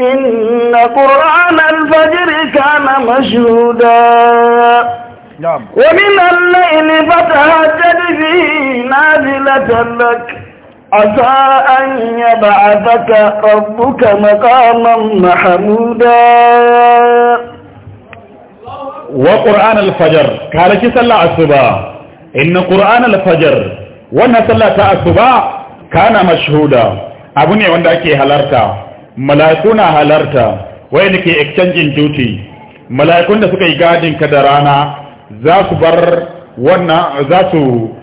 [SPEAKER 1] إن قرآن الفجر كان مشهودا نعم. ومن الليل فتهجد به نازلة لك Asa an yă ba a zaka ɓabbuka maƙaman Mahamuda.
[SPEAKER 2] Wa ƙur'an alfajar, kalaki sallah asuba, inna ƙur'an alfajar, wannan sallah ta asuba, kana mashuda, abu ne wanda ake halarta, mala'ikuna halarta, waya nake exchanging duty, mala'ikun da suka yi gadinka da rana za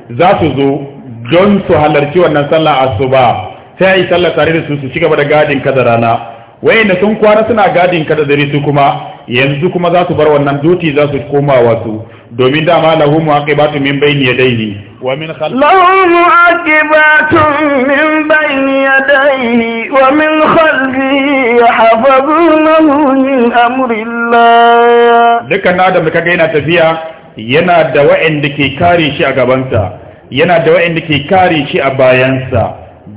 [SPEAKER 2] za su zo don su halarci wannan sallah asuba sai a yi sallah tare da su su ci gaba da gadin kada rana rana wayanda sun kwana suna gadin kada da dare su kuma yanzu kuma za su bar wannan duti za su koma wasu domin dama lahu mu'aqibatu min bayni yadayhi wa min
[SPEAKER 1] khalfihi lahu mu'aqibatu min bayni yadayhi wa min khalfihi yahfazunahu min amri Allah
[SPEAKER 2] dukkan adam da kaga yana tafiya yana da wa'anda ke kare shi a gabansa yana da wa'anda ke kare shi a bayansa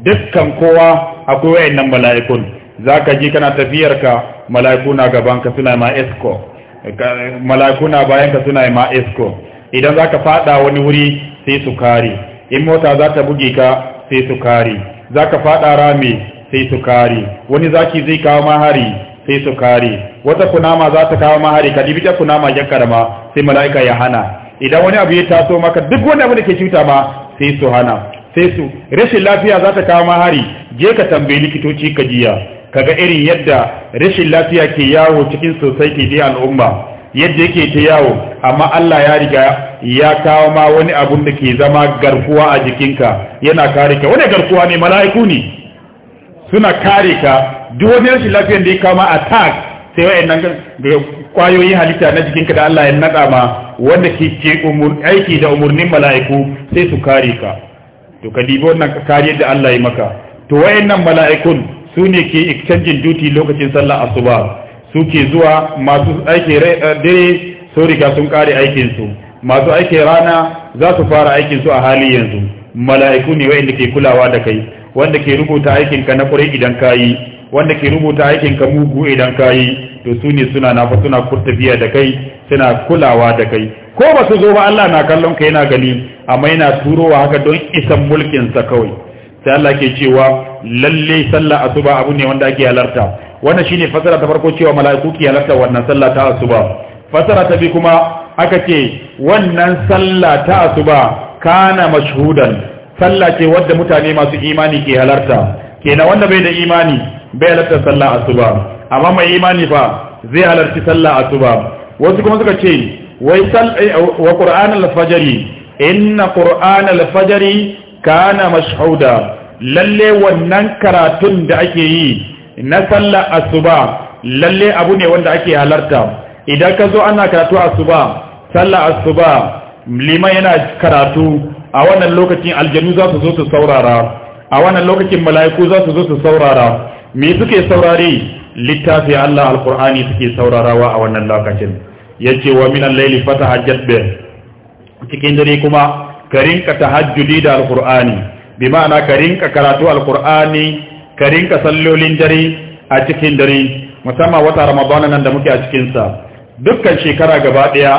[SPEAKER 2] dukkan kowa akwai wa'annan mala'ikun za ka ji kana tafiyarka mala'iku na gaban ka suna ma esko mala'iku na bayan ka suna ma esko idan za ka fada wani wuri sai su kare in mota za ta buge ka sai su kare ka fada rami sai su kare wani zaki zai kawo mahari sai su kare wata kunama za ta kawo mahari ka dibi ta kunama ya karama sai mala'ika ya hana idan wani abu ya taso maka duk wani abu da ke cuta ma sai su hana sai su rashin lafiya za ta kawo hari je ka tambayi likitoci ka jiya kaga irin yadda rashin lafiya ke yawo cikin society dai al'umma yadda yake ta yawo amma Allah ya riga ya kawo ma wani abun da ke zama garkuwa a jikinka yana kare ka wani garkuwa ne mala'iku ne suna kare ka duk wani rashin lafiyar da ya kawo ma attack sai wa'annan kwayoyin halitta na jikinka da Allah ya nada ma wanda ke ke aiki da umurnin mala'iku sai su kare ka to ka dibi wannan kariyar da Allah ya maka to wayannan mala'ikun su ne ke exchanging duty lokacin sallah asuba su ke zuwa masu aiki eh, dare sun riga sun kare aikin su masu aiki rana za su fara aikin su a hali yanzu mala'iku ne wayanda ke kulawa da kai wanda ke rubuta aikin ka na kure idan kayi wanda ke rubuta aikin ka mugu idan kayi to su ne suna nafa suna da kai suna kulawa da kai ko ba su zo ba Allah na kallon ka yana gani amma yana turowa haka don isan mulkinsa kawai sai Allah ke cewa lalle sallah asuba abu ne wanda ake halarta wannan shine fasara ta farko cewa mala'iku ke halarta wannan sallah ta asuba fasara ta bi kuma aka ce wannan sallah ta asuba kana mashhudan sallah ce wadda mutane masu imani ke halarta kenan wanda bai da imani bai halarta sallah asuba amma mai imani fa zai halarci sallah asuba wasu kuma suka ce wai eh, wa qur'an al-fajr inna qur'an al-fajr kana mashhuda lalle wannan karatun da ake yi na sallah asuba lalle abu ne wanda ake halarta idan ka zo ana karatu asuba sallah asuba liman yana karatu a wannan lokacin aljanu za su zo su saurara a wannan lokacin mala'iku za su zo su saurara me suke saurare littafi Allah alkur'ani suke saurarawa a wannan lokacin yace wa min al-layli fatahajjat bi cikin dare kuma ka rinka tahajjudi da alkur'ani bi ma'ana ka rinka karatu alkur'ani ka rinka sallolin dare a cikin dare musamman wata ramadana nan da muke a cikin sa dukkan shekara gaba daya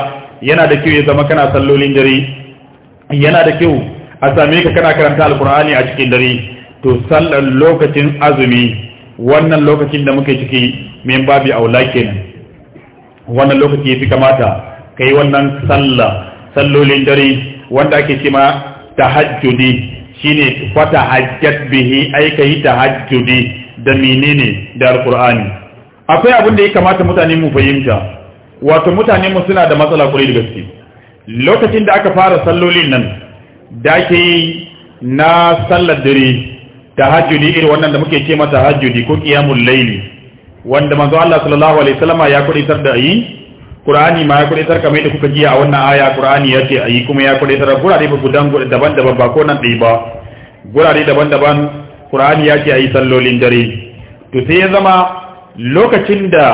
[SPEAKER 2] yana da kyau ya zama kana sallolin dare yana da kyau a same ka kana karanta alkur'ani a cikin dare to sallan lokacin azumi wannan lokacin da muke ciki min babi aula kenan wannan lokaci yafi kamata kai wannan sallah sallolin dare wanda ake cewa tahajjudi shine fa hajjat bihi ai kai tahajjudi da menene da alkur'ani. akwai abin da ya kamata mutane mu fahimta wato mutane mu suna da matsala kuri da gaske lokacin da aka fara sallolin nan da ke na sallar dare tahajjudi irin wannan da muke ce mata tahajjudi ko qiyamul layli wanda manzo Allah sallallahu alaihi wasallama ya tar da yi Qur'ani ma ya tar kamar da kuka jiya a wannan aya Qur'ani ya ce ayi kuma ya tar gurare ba gudan daban-daban ba ko nan dai ba gurare daban-daban Qur'ani ya ce ayi sallolin dare to sai ya zama lokacin da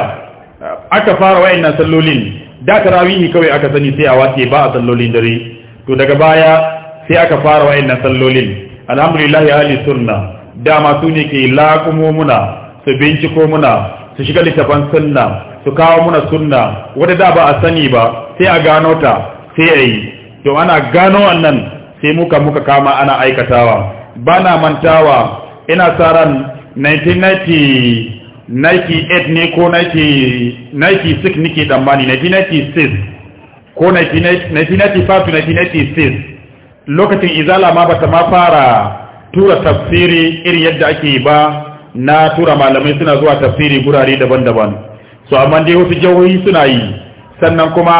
[SPEAKER 2] aka fara wayannan sallolin da tarawihi kawai aka sani sai a wace ba a sallolin dare to daga baya sai aka fara wayannan sallolin alhamdulillah ya ahli sunna dama su ne ke laƙumo muna su binciko muna su shiga littafan sunna su kawo muna sunna wadda da ba a sani ba sai a gano ta sai a yi to ana gano wannan sai muka muka kama ana aikatawa ba na mantawa ina sa ran 1998 ne ko 1996 nike tsammani 1996 ko 1995 to 1996 lokacin izala ma bata ma fara tura tafsiri irin yadda ake ba na tura malamai suna zuwa tafsiri gurare daban-daban so amma dai wasu jihohi suna yi sannan kuma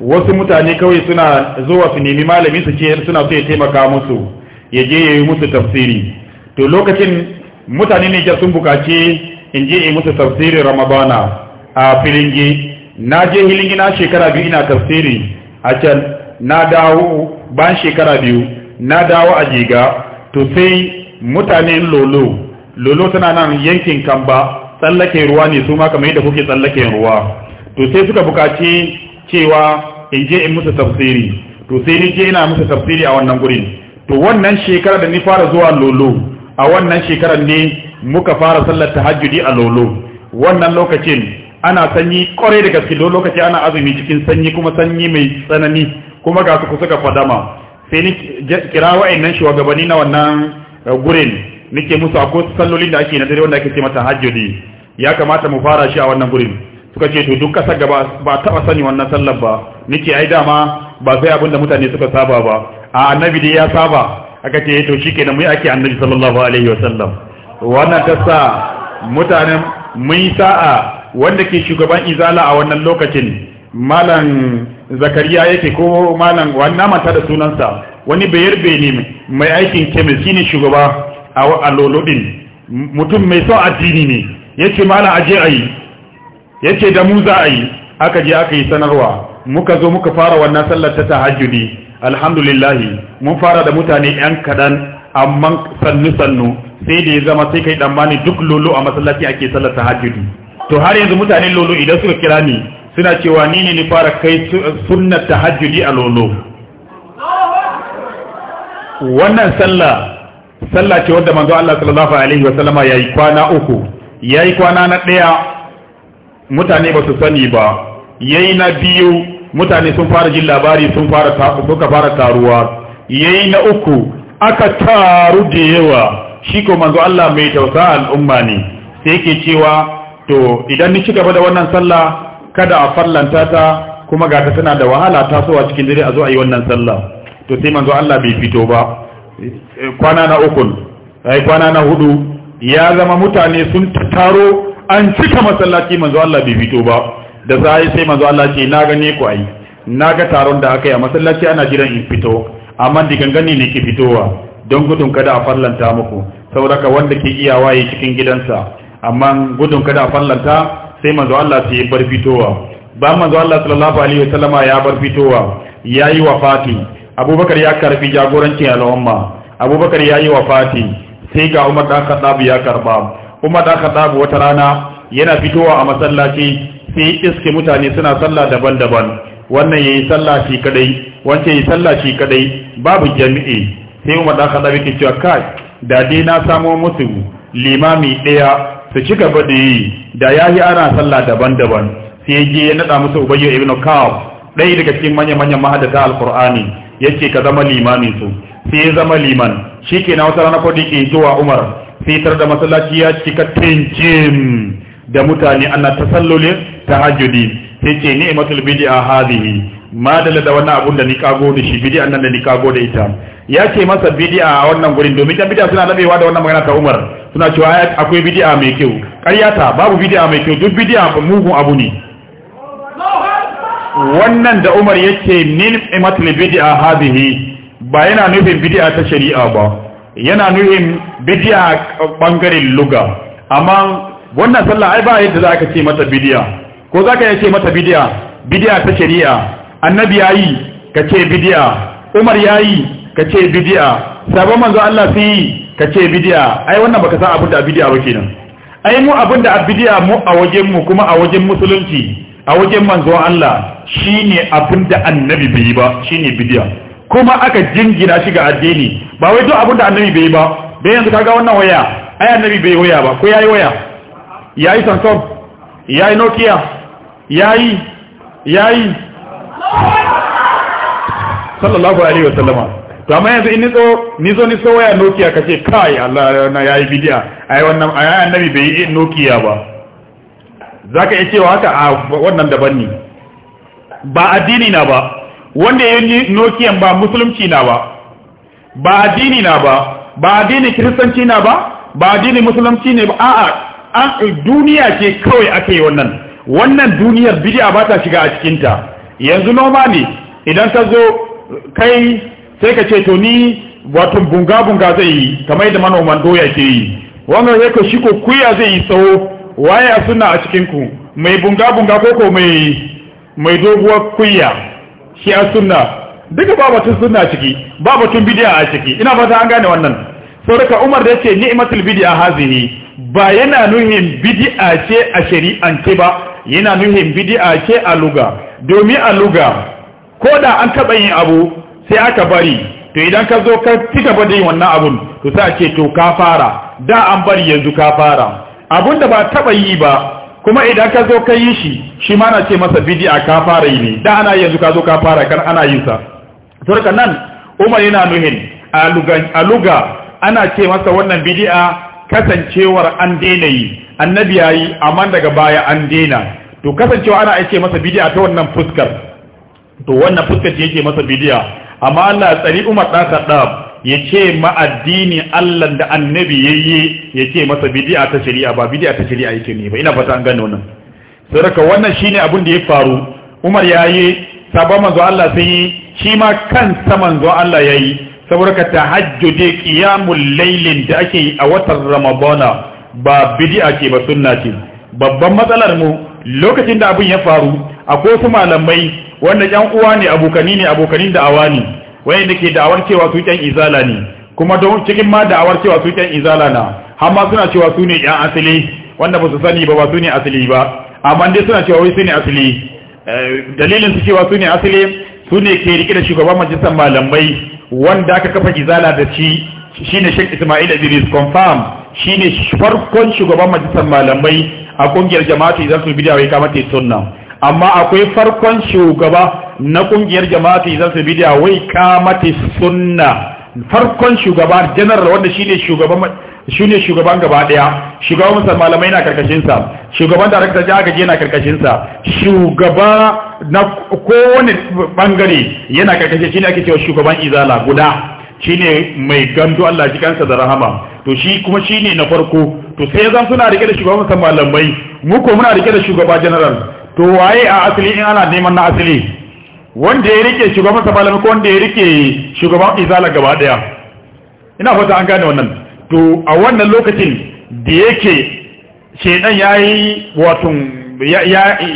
[SPEAKER 2] wasu mutane kawai suna zuwa su nemi malami su ce suna so ya taimaka musu ya je ya yi musu tafsiri to lokacin mutane ne sun bukaci in je yi musu tafsirin ramadana a filingi na je hilingi na shekara biyu ina tafsiri a can na dawo bayan shekara biyu na dawo a jiga to sai mutanen lolo lolo tana nan yankin kamba tsallake ruwa ne su ma kamar yadda kuke tsallake ruwa to sai suka bukaci cewa in je in musu tafsiri to sai ni je ina musu tafsiri a wannan gurin to wannan shekara da ni fara zuwa lolo a wannan shekarar ne muka fara sallar tahajjudi a lolo wannan lokacin ana sanyi kwarai da gaske lokaci ana azumi cikin sanyi kuma sanyi mai tsanani kuma ga su suka fadama sai ni kira wa'annan shugabanni na wannan eh, gurin nake musu a kusa sallolin da ake na dare wanda ake ce mata hajjudi ya kamata mu fara shi a wannan gurin suka ce to duk kasa gaba ba taba sani wannan sallar ba nake ai dama ba sai abin da mutane suka saba ba a annabi dai ya saba aka ce to shikenan mai ake annabi sallallahu alaihi sallam. wannan ta sa mutanen mun sa'a wanda ke shugaban izala a wannan lokacin malam zakariya yake ko malam wani mata da sunansa wani bayar ne mai aikin kemis ne shugaba a lolodin mutum mai son addini ne yace malam aje ayi yace da mu za a yi aka je aka yi sanarwa muka zo muka fara wannan sallar ta tahajjudi alhamdulillah mun fara da mutane yan kadan amma sannu sannu sai da ya zama sai kai dan duk lolo a masallaci ake sallar tahajjudi to har yanzu mutanen lolo idan suka kira ni suna cewa ni ne ni fara kai sunnar tahajjudi a lolo wannan sallah sallah ce wadda manzo Allah sallallahu alaihi wasallama yayi kwana uku yayi kwana na daya mutane ba su sani ba yayi na biyu mutane sun fara jin labari sun fara suka fara taruwa yayi na uku aka taru da yawa shi ko manzo Allah mai tausa al'umma ne sai yake cewa to idan ni ci gaba da wannan sallah kada a fallanta ta kuma ga ta tana da wahala ta tasowa cikin dare a zo a yi wannan sallah to sai manzo Allah bai fito ba eh, kwana na uku ai eh, kwana na hudu ya zama mutane sun taro an cika masallaci manzo Allah bai fito ba da sai sai manzo Allah ce na gane ku ai na ga taron da aka yi a masallaci ana jiran in fito amma digan gani ne ki fitowa don gudun kada a fallanta muku saboda ka wanda ke iyawa yi cikin gidansa amma gudun kada a fallanta sai manzo Allah sai ya bar fitowa ba manzo Allah sallallahu alaihi wasallama ya bar fitowa yayi wafati abubakar ya karbi jagorancin al'umma abubakar yayi wafati sai ga Umar dan Khattab ya karba Umar dan Khattab wata rana yana fitowa a masallaci sai iske mutane suna sallah daban-daban wannan yayi sallah shi kadai wance yayi sallah shi kadai babu jami'i sai Umar dan Khattab yake cewa kai da dai na samo musu limami daya su ci gaba da da ya yi ana sallah daban-daban sai je ya naɗa musu ubayyo ibn kawo ɗaya daga cikin manya-manyan mahadata alkur'ani ce ka zama limamin su sai ya zama liman shi ke na wata rana ko ke zuwa umar sai tar da masallaci ya cika tinjim da mutane ana tasallolin hajjudi sai ce ni'matul a hadihi madalla da wannan abun da ni kago da shi bid'a nan da ni kago da ita ya ce masa bidi'a a wannan gurin domin dan bidi'a suna labewa da wannan magana ta Umar suna cewa akwai bidi'a mai kyau ƙaryata babu bidi'a mai kyau duk bid'a mugun abu ne wannan da Umar yake min imatul bidi'a hadhihi ba yana nufin bidi'a ta shari'a ba yana nufin bidi'a bangaren luga amma wannan sallah ai ba yadda zaka ce mata bidi'a ko za ka ce mata bidi'a bidi'a ta shari'a annabi ya ka kace bidiya umar ya ka kace bidiya sabon manzo Allah ka ce bidiya ai wannan baka san abin da bidiya ba kenan ai mu abin da bidiya mu a wajen mu kuma a wajen musulunci a wajen manzo Allah shine abin da annabi bai ba shine bidiya kuma aka jingina shi ga addini ba wai duk abin da annabi bai ba dan yanzu kaga wannan waya ai annabi bai waya ba ko yayi waya yayi Samsung yayi Nokia yayi yayi sallallahu alaihi wasallama to amma yanzu in nizo nizo ni waya nokia kace kai Allah na yayi bidiya ai wannan ai annabi bai yi nokia ba zaka iya cewa haka a wannan daban ne ba addini na ba wanda yayi nokia ba musulunci na ba ba addini na ba ba addini kristanci na ba ba addini musulunci ne ba a'a duniya ce kawai akai wannan wannan duniyar bidiya ba ta shiga a cikin ta. yanzu noma ne idan ka zo kai sai ka ce to ni wato bunga-bunga zai yi kamar da manoman doya ke yi wannan ya ka shi ko kuya zai yi tsawo waya suna a cikinku mai bunga-bunga ko ko mai mai doguwar kuya shi a suna duka ba batun suna ciki ba batun bidiya a ciki ina fata an gane wannan sauraka umar da ya ce ni'imatul bidiya hazihi ba yana nuhin bidiya ce a shari'ance ba yana nuhin bidiya ce a luga domin a luga ko da an taɓa yin abu sai aka bari to idan ka zo ka ci gaba da yin wannan abun to sai a ce to ka fara da an bari yanzu ka fara abun da ba taɓa yi ba kuma idan ka zo ka yi shi shi ma na ce masa bidi'a ka fara yi ne da ana yanzu ka zo ka fara kan ana yin sa saboda nan Umar yana nuhin a luga ana ce masa wannan bidi'a kasancewar an daina yi annabi yayi amma daga baya an daina to kasancewa ana aike masa bidiya ta wannan fuskar to wannan fuskar ce yake masa bidiya amma Allah tsari Umar dan Khattab ya ce ma addini Allah da annabi yayi ya ce masa bidiya ta shari'a ba bidiya ta shari'a yake ne ba ina fata an gane wannan sai raka wannan shine abin da ya faru Umar yayi sabon manzo Allah sai yi shi ma kansa manzo Allah yayi saboda ka tahajjude qiyamul lailin da ake yi a watan Ramadana ba bidi'a ce ba sunna ce babban matsalar mu lokacin da abin ya faru a wasu malamai wanda yan uwa ne abokani ne abokanin da awa ne wanda ke da'awar cewa su yan izala ne kuma don cikin ma da'awar cewa su yan izala na amma suna cewa su ne yan asali wanda ba su sani ba ba su ne asali ba amma dai suna cewa wai su ne asali eh, dalilin su cewa su ne asali su ne ke rike da shugaban majalisar malamai wanda aka kafa izala da shi shine Sheikh Ismail Idris confirm shine farkon shugaban majalisar malamai a kungiyar jama'atu bidiya wai kamata ya sunna amma akwai farkon shugaba na kungiyar jama'atu bidiya wai kamata ya sunna farkon shugaba general wanda shine shugaban shine shugaban gaba daya shugaban musan malamai na karkashin sa shugaban darakta ja gaje na karkashin sa shugaba na kowane bangare yana karkashin shine ake cewa shugaban izala guda shine mai gandu Allah jikansa da rahama to shi kuma shine na farko to sai zan suna rike da shugaban sa malamai mu ko muna rike da shugaba general to waye a asali in ana neman na asali wanda ya rike shugaban sa malamai ko wanda ya rike shugaban izala gaba daya ina fata an gane wannan to a wannan lokacin da yake shedan yayi wato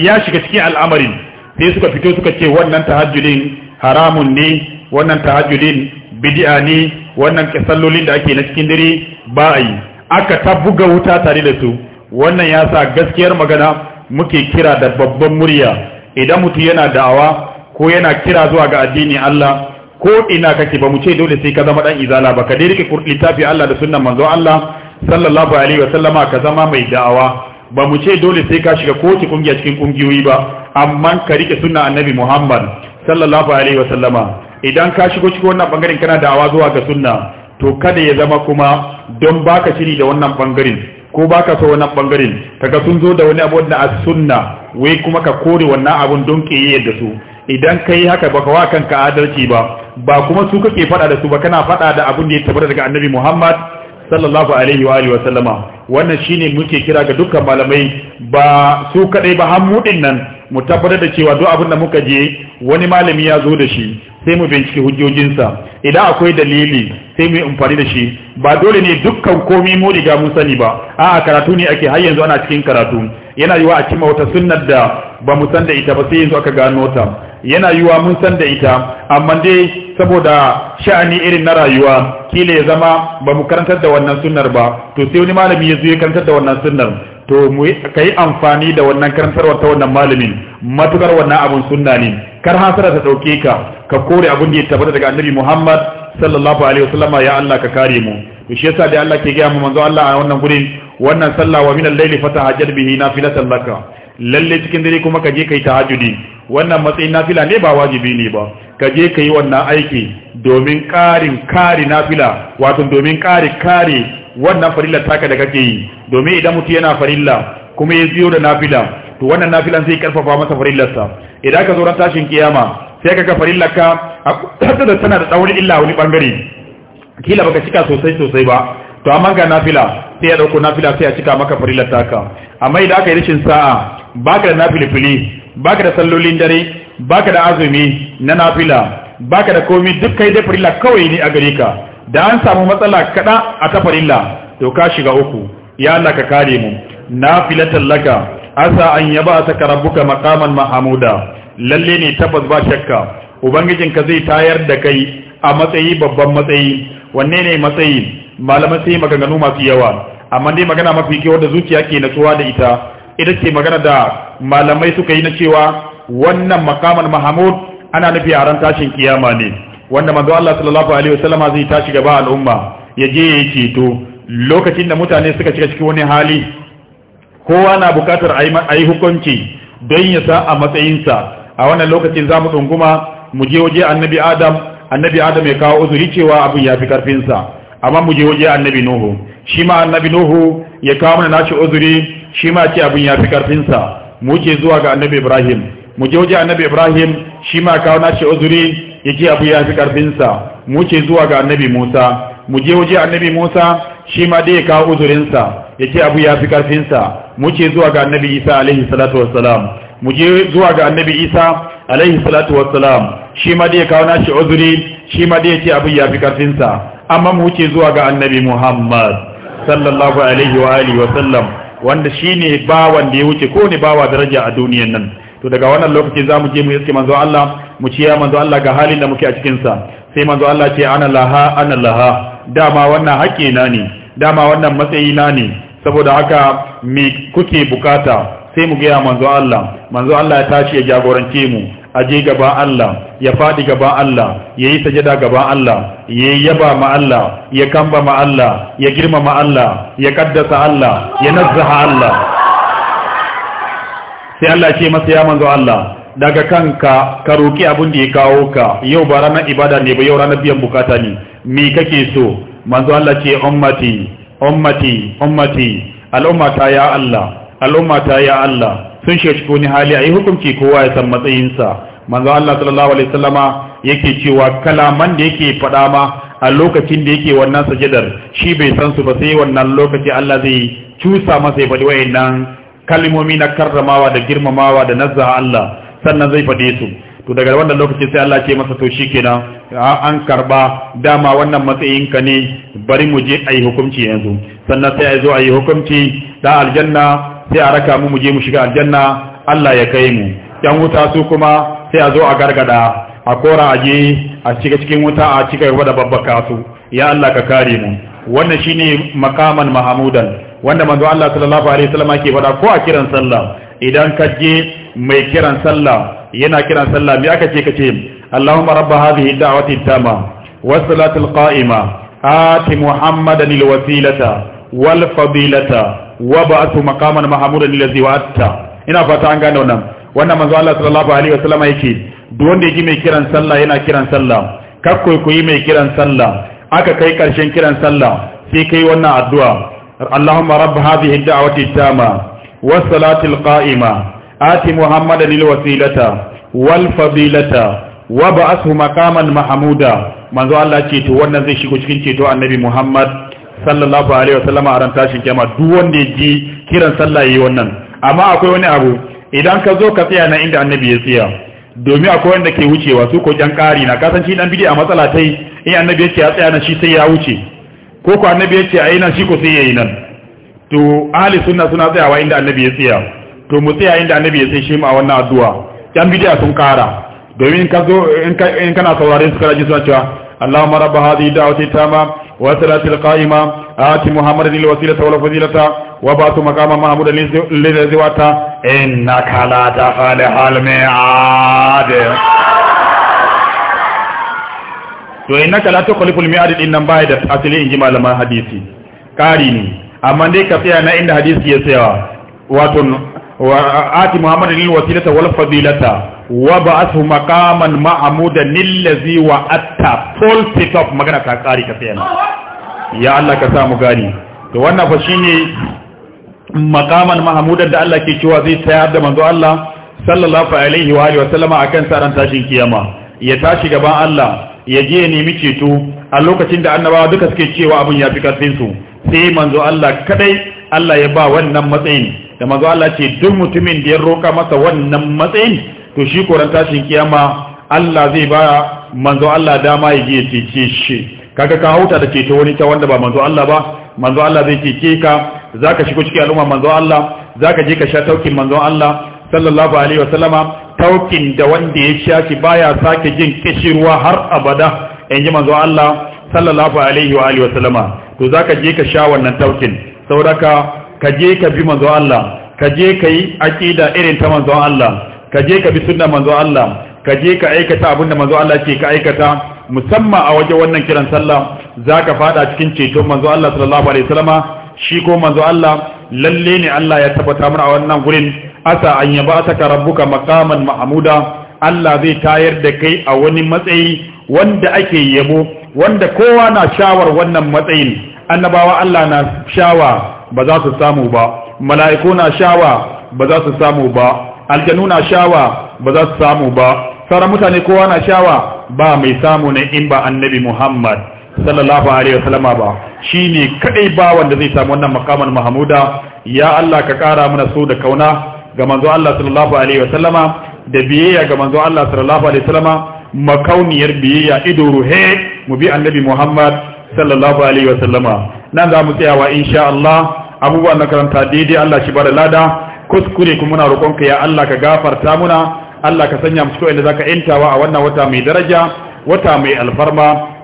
[SPEAKER 2] ya shiga cikin al'amarin sai suka fito suka ce wannan tahajjudin haramun ne wannan tahajjudin bid'a ne wannan kasallolin da ake na cikin dare ba a yi aka ta buga wuta tare da su wannan ya sa gaskiyar magana muke kira da babban murya idan mutum yana da'awa ko yana kira zuwa ga addini Allah ko ina kake ba mu ce dole sai ka zama dan izala ba ka dai rike littafi Allah da sunnan manzo Allah sallallahu alaihi wa sallama ka zama mai da'awa ba mu ce dole sai ka shiga kowace kungiya cikin kungiyoyi ba amma ka rike sunnan annabi Muhammad sallallahu alaihi wa sallama idan ka shigo cikin wannan bangaren kana da'awa zuwa ga sunna to kada ya zama kuma don baka shiri da wannan bangaren ko baka so wannan bangaren kaga sun zo da wani abu da as sunna wai kuma ka kore wannan abun don yi da su idan kai haka baka wa kanka adalci ba ba kuma su kake fada da su ba kana fada da abun da ya tabbata daga annabi Muhammad sallallahu alaihi wa alihi wa sallama wannan shine muke kira ga dukkan malamai ba su kadai ba mudin nan mu tabbatar da cewa duk abin da muka je wani malami ya zo da shi sai mu bincike hujjojinsa idan akwai dalili sai mu yi amfani da shi ba dole ne dukkan komi mu riga mun sani ba a'a karatu ne ake har yanzu ana cikin karatu yana yiwa a cima wata sunnar da ba mu san da ita ba sai yanzu aka gano ta yana yiwa mun san da ita amma dai saboda sha'ani irin na rayuwa kila ya zama ba mu karantar da wannan sunnar ba to sai wani malami ya zo ya karantar da wannan sunnar to mu kai amfani da wannan karantarwa ta wannan malamin matukar wannan abun sunna ne kar hasara ta dauke ka ka kore abun da ya tabbata daga annabi Muhammad sallallahu alaihi wasallam ya Allah ka kare mu to shi yasa da Allah ke gaya mu manzo Allah a wannan gurin wannan sallah wa min al-layli fatahajjal bihi nafilatan laka lalle cikin dare kuma ka je kai tahajjudi wannan matsayin nafila ne ba wajibi ne ba ka je ka yi wannan aiki domin karin kare nafila wato domin kare kare wannan farilla taka da kake yi domin idan mutum yana farilla kuma ya ziyo da nafila to wannan nafilan zai karfafa masa farillarsa idan ka zo ran tashin kiyama sai kaga a kusa da tana da tsawon illa wani bangare kila baka cika sosai sosai ba to amma ga nafila sai ya dauko nafila sai ya cika maka farillar taka amma idan aka yi rashin sa'a baka da nafilifili baka da sallolin dare baka da azumi na nafila baka da komi duk kai da farilla kawai ne a gare ka da an samu matsala kada a ta farilla to ka shiga uku ya Allah ka kare mu nafilatan laka asa an yaba ta rabbuka maqaman mahmuda lalle ne tabbas ba shakka ka zai tayar da kai a matsayi babban matsayi wanne ne matsayi malaman sai maganganu masu yawa amma dai magana mafi kyau da zuciya ke natsuwa da ita ita ce magana da malamai suka yi na cewa wannan makaman mahamud ana nufi a ran tashin kiyama ne wanda manzo Allah sallallahu alaihi wasallama zai tashi gaba al'umma ya je ya ceto lokacin da mutane suka shiga cikin wani hali kowa na bukatar a yi hukunci don ya sa a matsayinsa a wannan lokacin za mu ɗunguma mu je waje annabi adam annabi adam ya kawo uzuri cewa abin ya fi karfinsa amma mu je waje annabi nuhu shi ma annabi nuhu ya kawo mana nashi uzuri shi ma ce abin ya fi karfinsa mu ce zuwa ga annabi ibrahim mu je waje annabi ibrahim shi ma kawo nashi uzuri ya ce abu ya fi karfinsa mu ce zuwa ga annabi musa mu je waje annabi musa shi ma dai ya kawo uzurinsa ya ce abu ya fi karfinsa mu ce zuwa ga annabi isa alaihi salatu wasalam mu je zuwa ga annabi isa alaihi salatu wassalam shi ma dai kawo nashi uzuri shi ma dai ce abin ya fi karfinsa amma mu wuce zuwa ga annabi muhammad sallallahu alaihi wa alihi wasallam wanda ne bawan da ya wuce ko ne bawa daraja a duniyan nan to daga wannan lokacin za mu je mu iske manzo Allah mu ciya manzo Allah ga halin da muke a cikin sa sai manzo Allah ce ana laha ana laha dama wannan haƙƙi na ne dama wannan matsayi na ne saboda haka me kuke bukata sai mu gaya manzo Allah manzo Allah ya tashi ya jagorance mu a je gaba Allah ya fadi gaba Allah yayi sajada gaba Allah yayi yaba ma Allah ya kamba ma Allah ya girma ma Allah ya kaddasa Allah ya nazzaha Allah sai Allah ce masa ya manzo Allah daga kanka ka roki abin da ya kawo ka yau ba ranar ibada ne ba yau ranar biyan bukata ne me kake so manzo Allah ce ummati ummati ummati al'ummata ya Allah al'umma ta ya Allah sun shiga wani hali a yi hukunci kowa ya san matsayinsa manzo Allah sallallahu alaihi wasallama yake cewa kalaman da yake faɗa ma a lokacin da yake wannan sajidar shi bai san su ba sai wannan lokaci Allah zai cusa masa ya faɗi wayannan kalmomi na karramawa da girmamawa da nazza Allah sannan zai faɗe su to daga wannan lokaci sai Allah ce masa to shikenan an karba dama wannan matsayin ka ne bari mu je ayi hukunci yanzu sannan sai a zo ayi hukunci da aljanna sai a raka mu mu je mu shiga aljanna Allah ya kai mu yan wuta su kuma sai a zo a gargada a kora a je a shiga cikin wuta a cika gaba da babbaka su ya Allah ka kare mu wannan shine makaman mahamudan wanda manzo Allah sallallahu alaihi wasallam ke faɗa ko a kiran sallah idan ka je mai kiran sallah yana kiran sallah me aka ce kace Allahumma rabb hadhihi da'wati tama was salati al qa'ima ati muhammadan al wasilata wal wa ba su makaman mahamudan lillazi wa atta ina fata an gane wannan wannan manzo Allah sallallahu alaihi wasallam yake duk wanda yake mai kiran sallah yana kiran sallah kar kwaikwayi mai kiran sallah aka kai karshen kiran sallah sai ka yi wannan addu'a Allahumma rabb hadhihi ad-da'wati at-tama was-salati al-qa'ima ati muhammadan lil-wasilata wal-fadilata wa ba'athu maqaman mahmuda manzo Allah ce to wannan zai shiga cikin ceto annabi muhammad sallallahu alaihi wa sallama a ran tashin kiyama duk wanda ya ji kiran sallah yayi wannan amma akwai wani abu idan ka zo ka tsaya na inda annabi ya tsaya domin akwai wanda ke wucewa su ko kyan kari na kasan shi dan bid'a matsala tai in annabi ya ce ya tsaya na shi sai ya wuce ko ko annabi ya ce ina nan shi ko sai yayi nan to ahli sunna suna tsayawa inda annabi ya tsaya to mu tsaya inda annabi ya tsaya shi ma wannan addu'a kyan bid'a sun kara domin ka zo in kana sauraren su kana ji suna cewa Allahumma rabb hadhihi da'wati tamam وصلاة القائمة آت محمد الوسيلة والفضيلة وبعث مقام محمود الذي واتى إنك لا تخلح الميعاد to innaka la tukhlifu al-mi'ad din nan bai da asali inji malaman hadisi kari ne amma dai ka tsaya na inda ya wa ba'athu maqaman ma'mudan lillazi wa atta full pick up magana ta tsari ka tsaya ya Allah ka samu gani to wannan fa shine maqaman mahmudan da Allah ke cewa zai tayar da manzo Allah sallallahu alaihi wa alihi wa sallama akan tsaran tashin kiyama ya tashi gaban Allah ya je ya nemi ceto a lokacin da annabawa duka suke cewa abun ya fi karfin su sai manzo Allah kadai Allah ya ba wannan matsayin da manzo Allah ce duk mutumin da ya roka masa wannan matsayin to shi koran tashin kiyama Allah zai ba manzo Allah dama ya je ya cece shi kaga ka hauta da ceto wani ta wanda ba manzo Allah ba manzo Allah zai cece ka zaka shigo cikin al'umma manzo Allah zaka je ka sha taukin manzo Allah sallallahu alaihi wasallama taukin da wanda ya sha shi baya sake jin kishirwa har abada in ji manzo Allah sallallahu alaihi wa alihi wasallama to zaka je ka sha wannan taukin saboda ka je ka bi manzo Allah ka je ka yi aqida irin ta manzo Allah ka je ka bi sunnar manzo Allah ka je ka aikata abinda manzo Allah ke ka aikata musamman a waje wannan kiran sallah zaka fada cikin ceton manzo Allah sallallahu alaihi wasallama shi ko manzo Allah lalle ne Allah ya tabbata mana a wannan gurin asa an yaba ataka rabbuka maqaman mahmuda Allah zai tayar da kai a wani matsayi wanda ake yabo wanda kowa na shawar wannan matsayin annabawa Allah na shawa ba za su samu ba mala'iku na shawa ba za su samu ba aljanu na shawa ba za su samu ba sauran mutane kowa na shawa ba mai samu ne in ba annabi muhammad sallallahu alaihi wasallam ba shine kadai ba wanda zai samu wannan makaman mahmuda ya Allah ka kara mana so da kauna ga manzo Allah sallallahu alaihi wasallama da biyayya ga manzo Allah sallallahu alaihi wasallama makauniyar biyayya ido ruhe mu bi annabi Muhammad sallallahu alaihi wasallama nan za mu tsayawa insha Allah abubuwan na karanta daidai Allah shi bada lada kuskure kuma muna roƙonka ya Allah ka gafarta muna Allah ka sanya mu cikin za zaka intawa a wannan wata mai daraja wata mai alfarma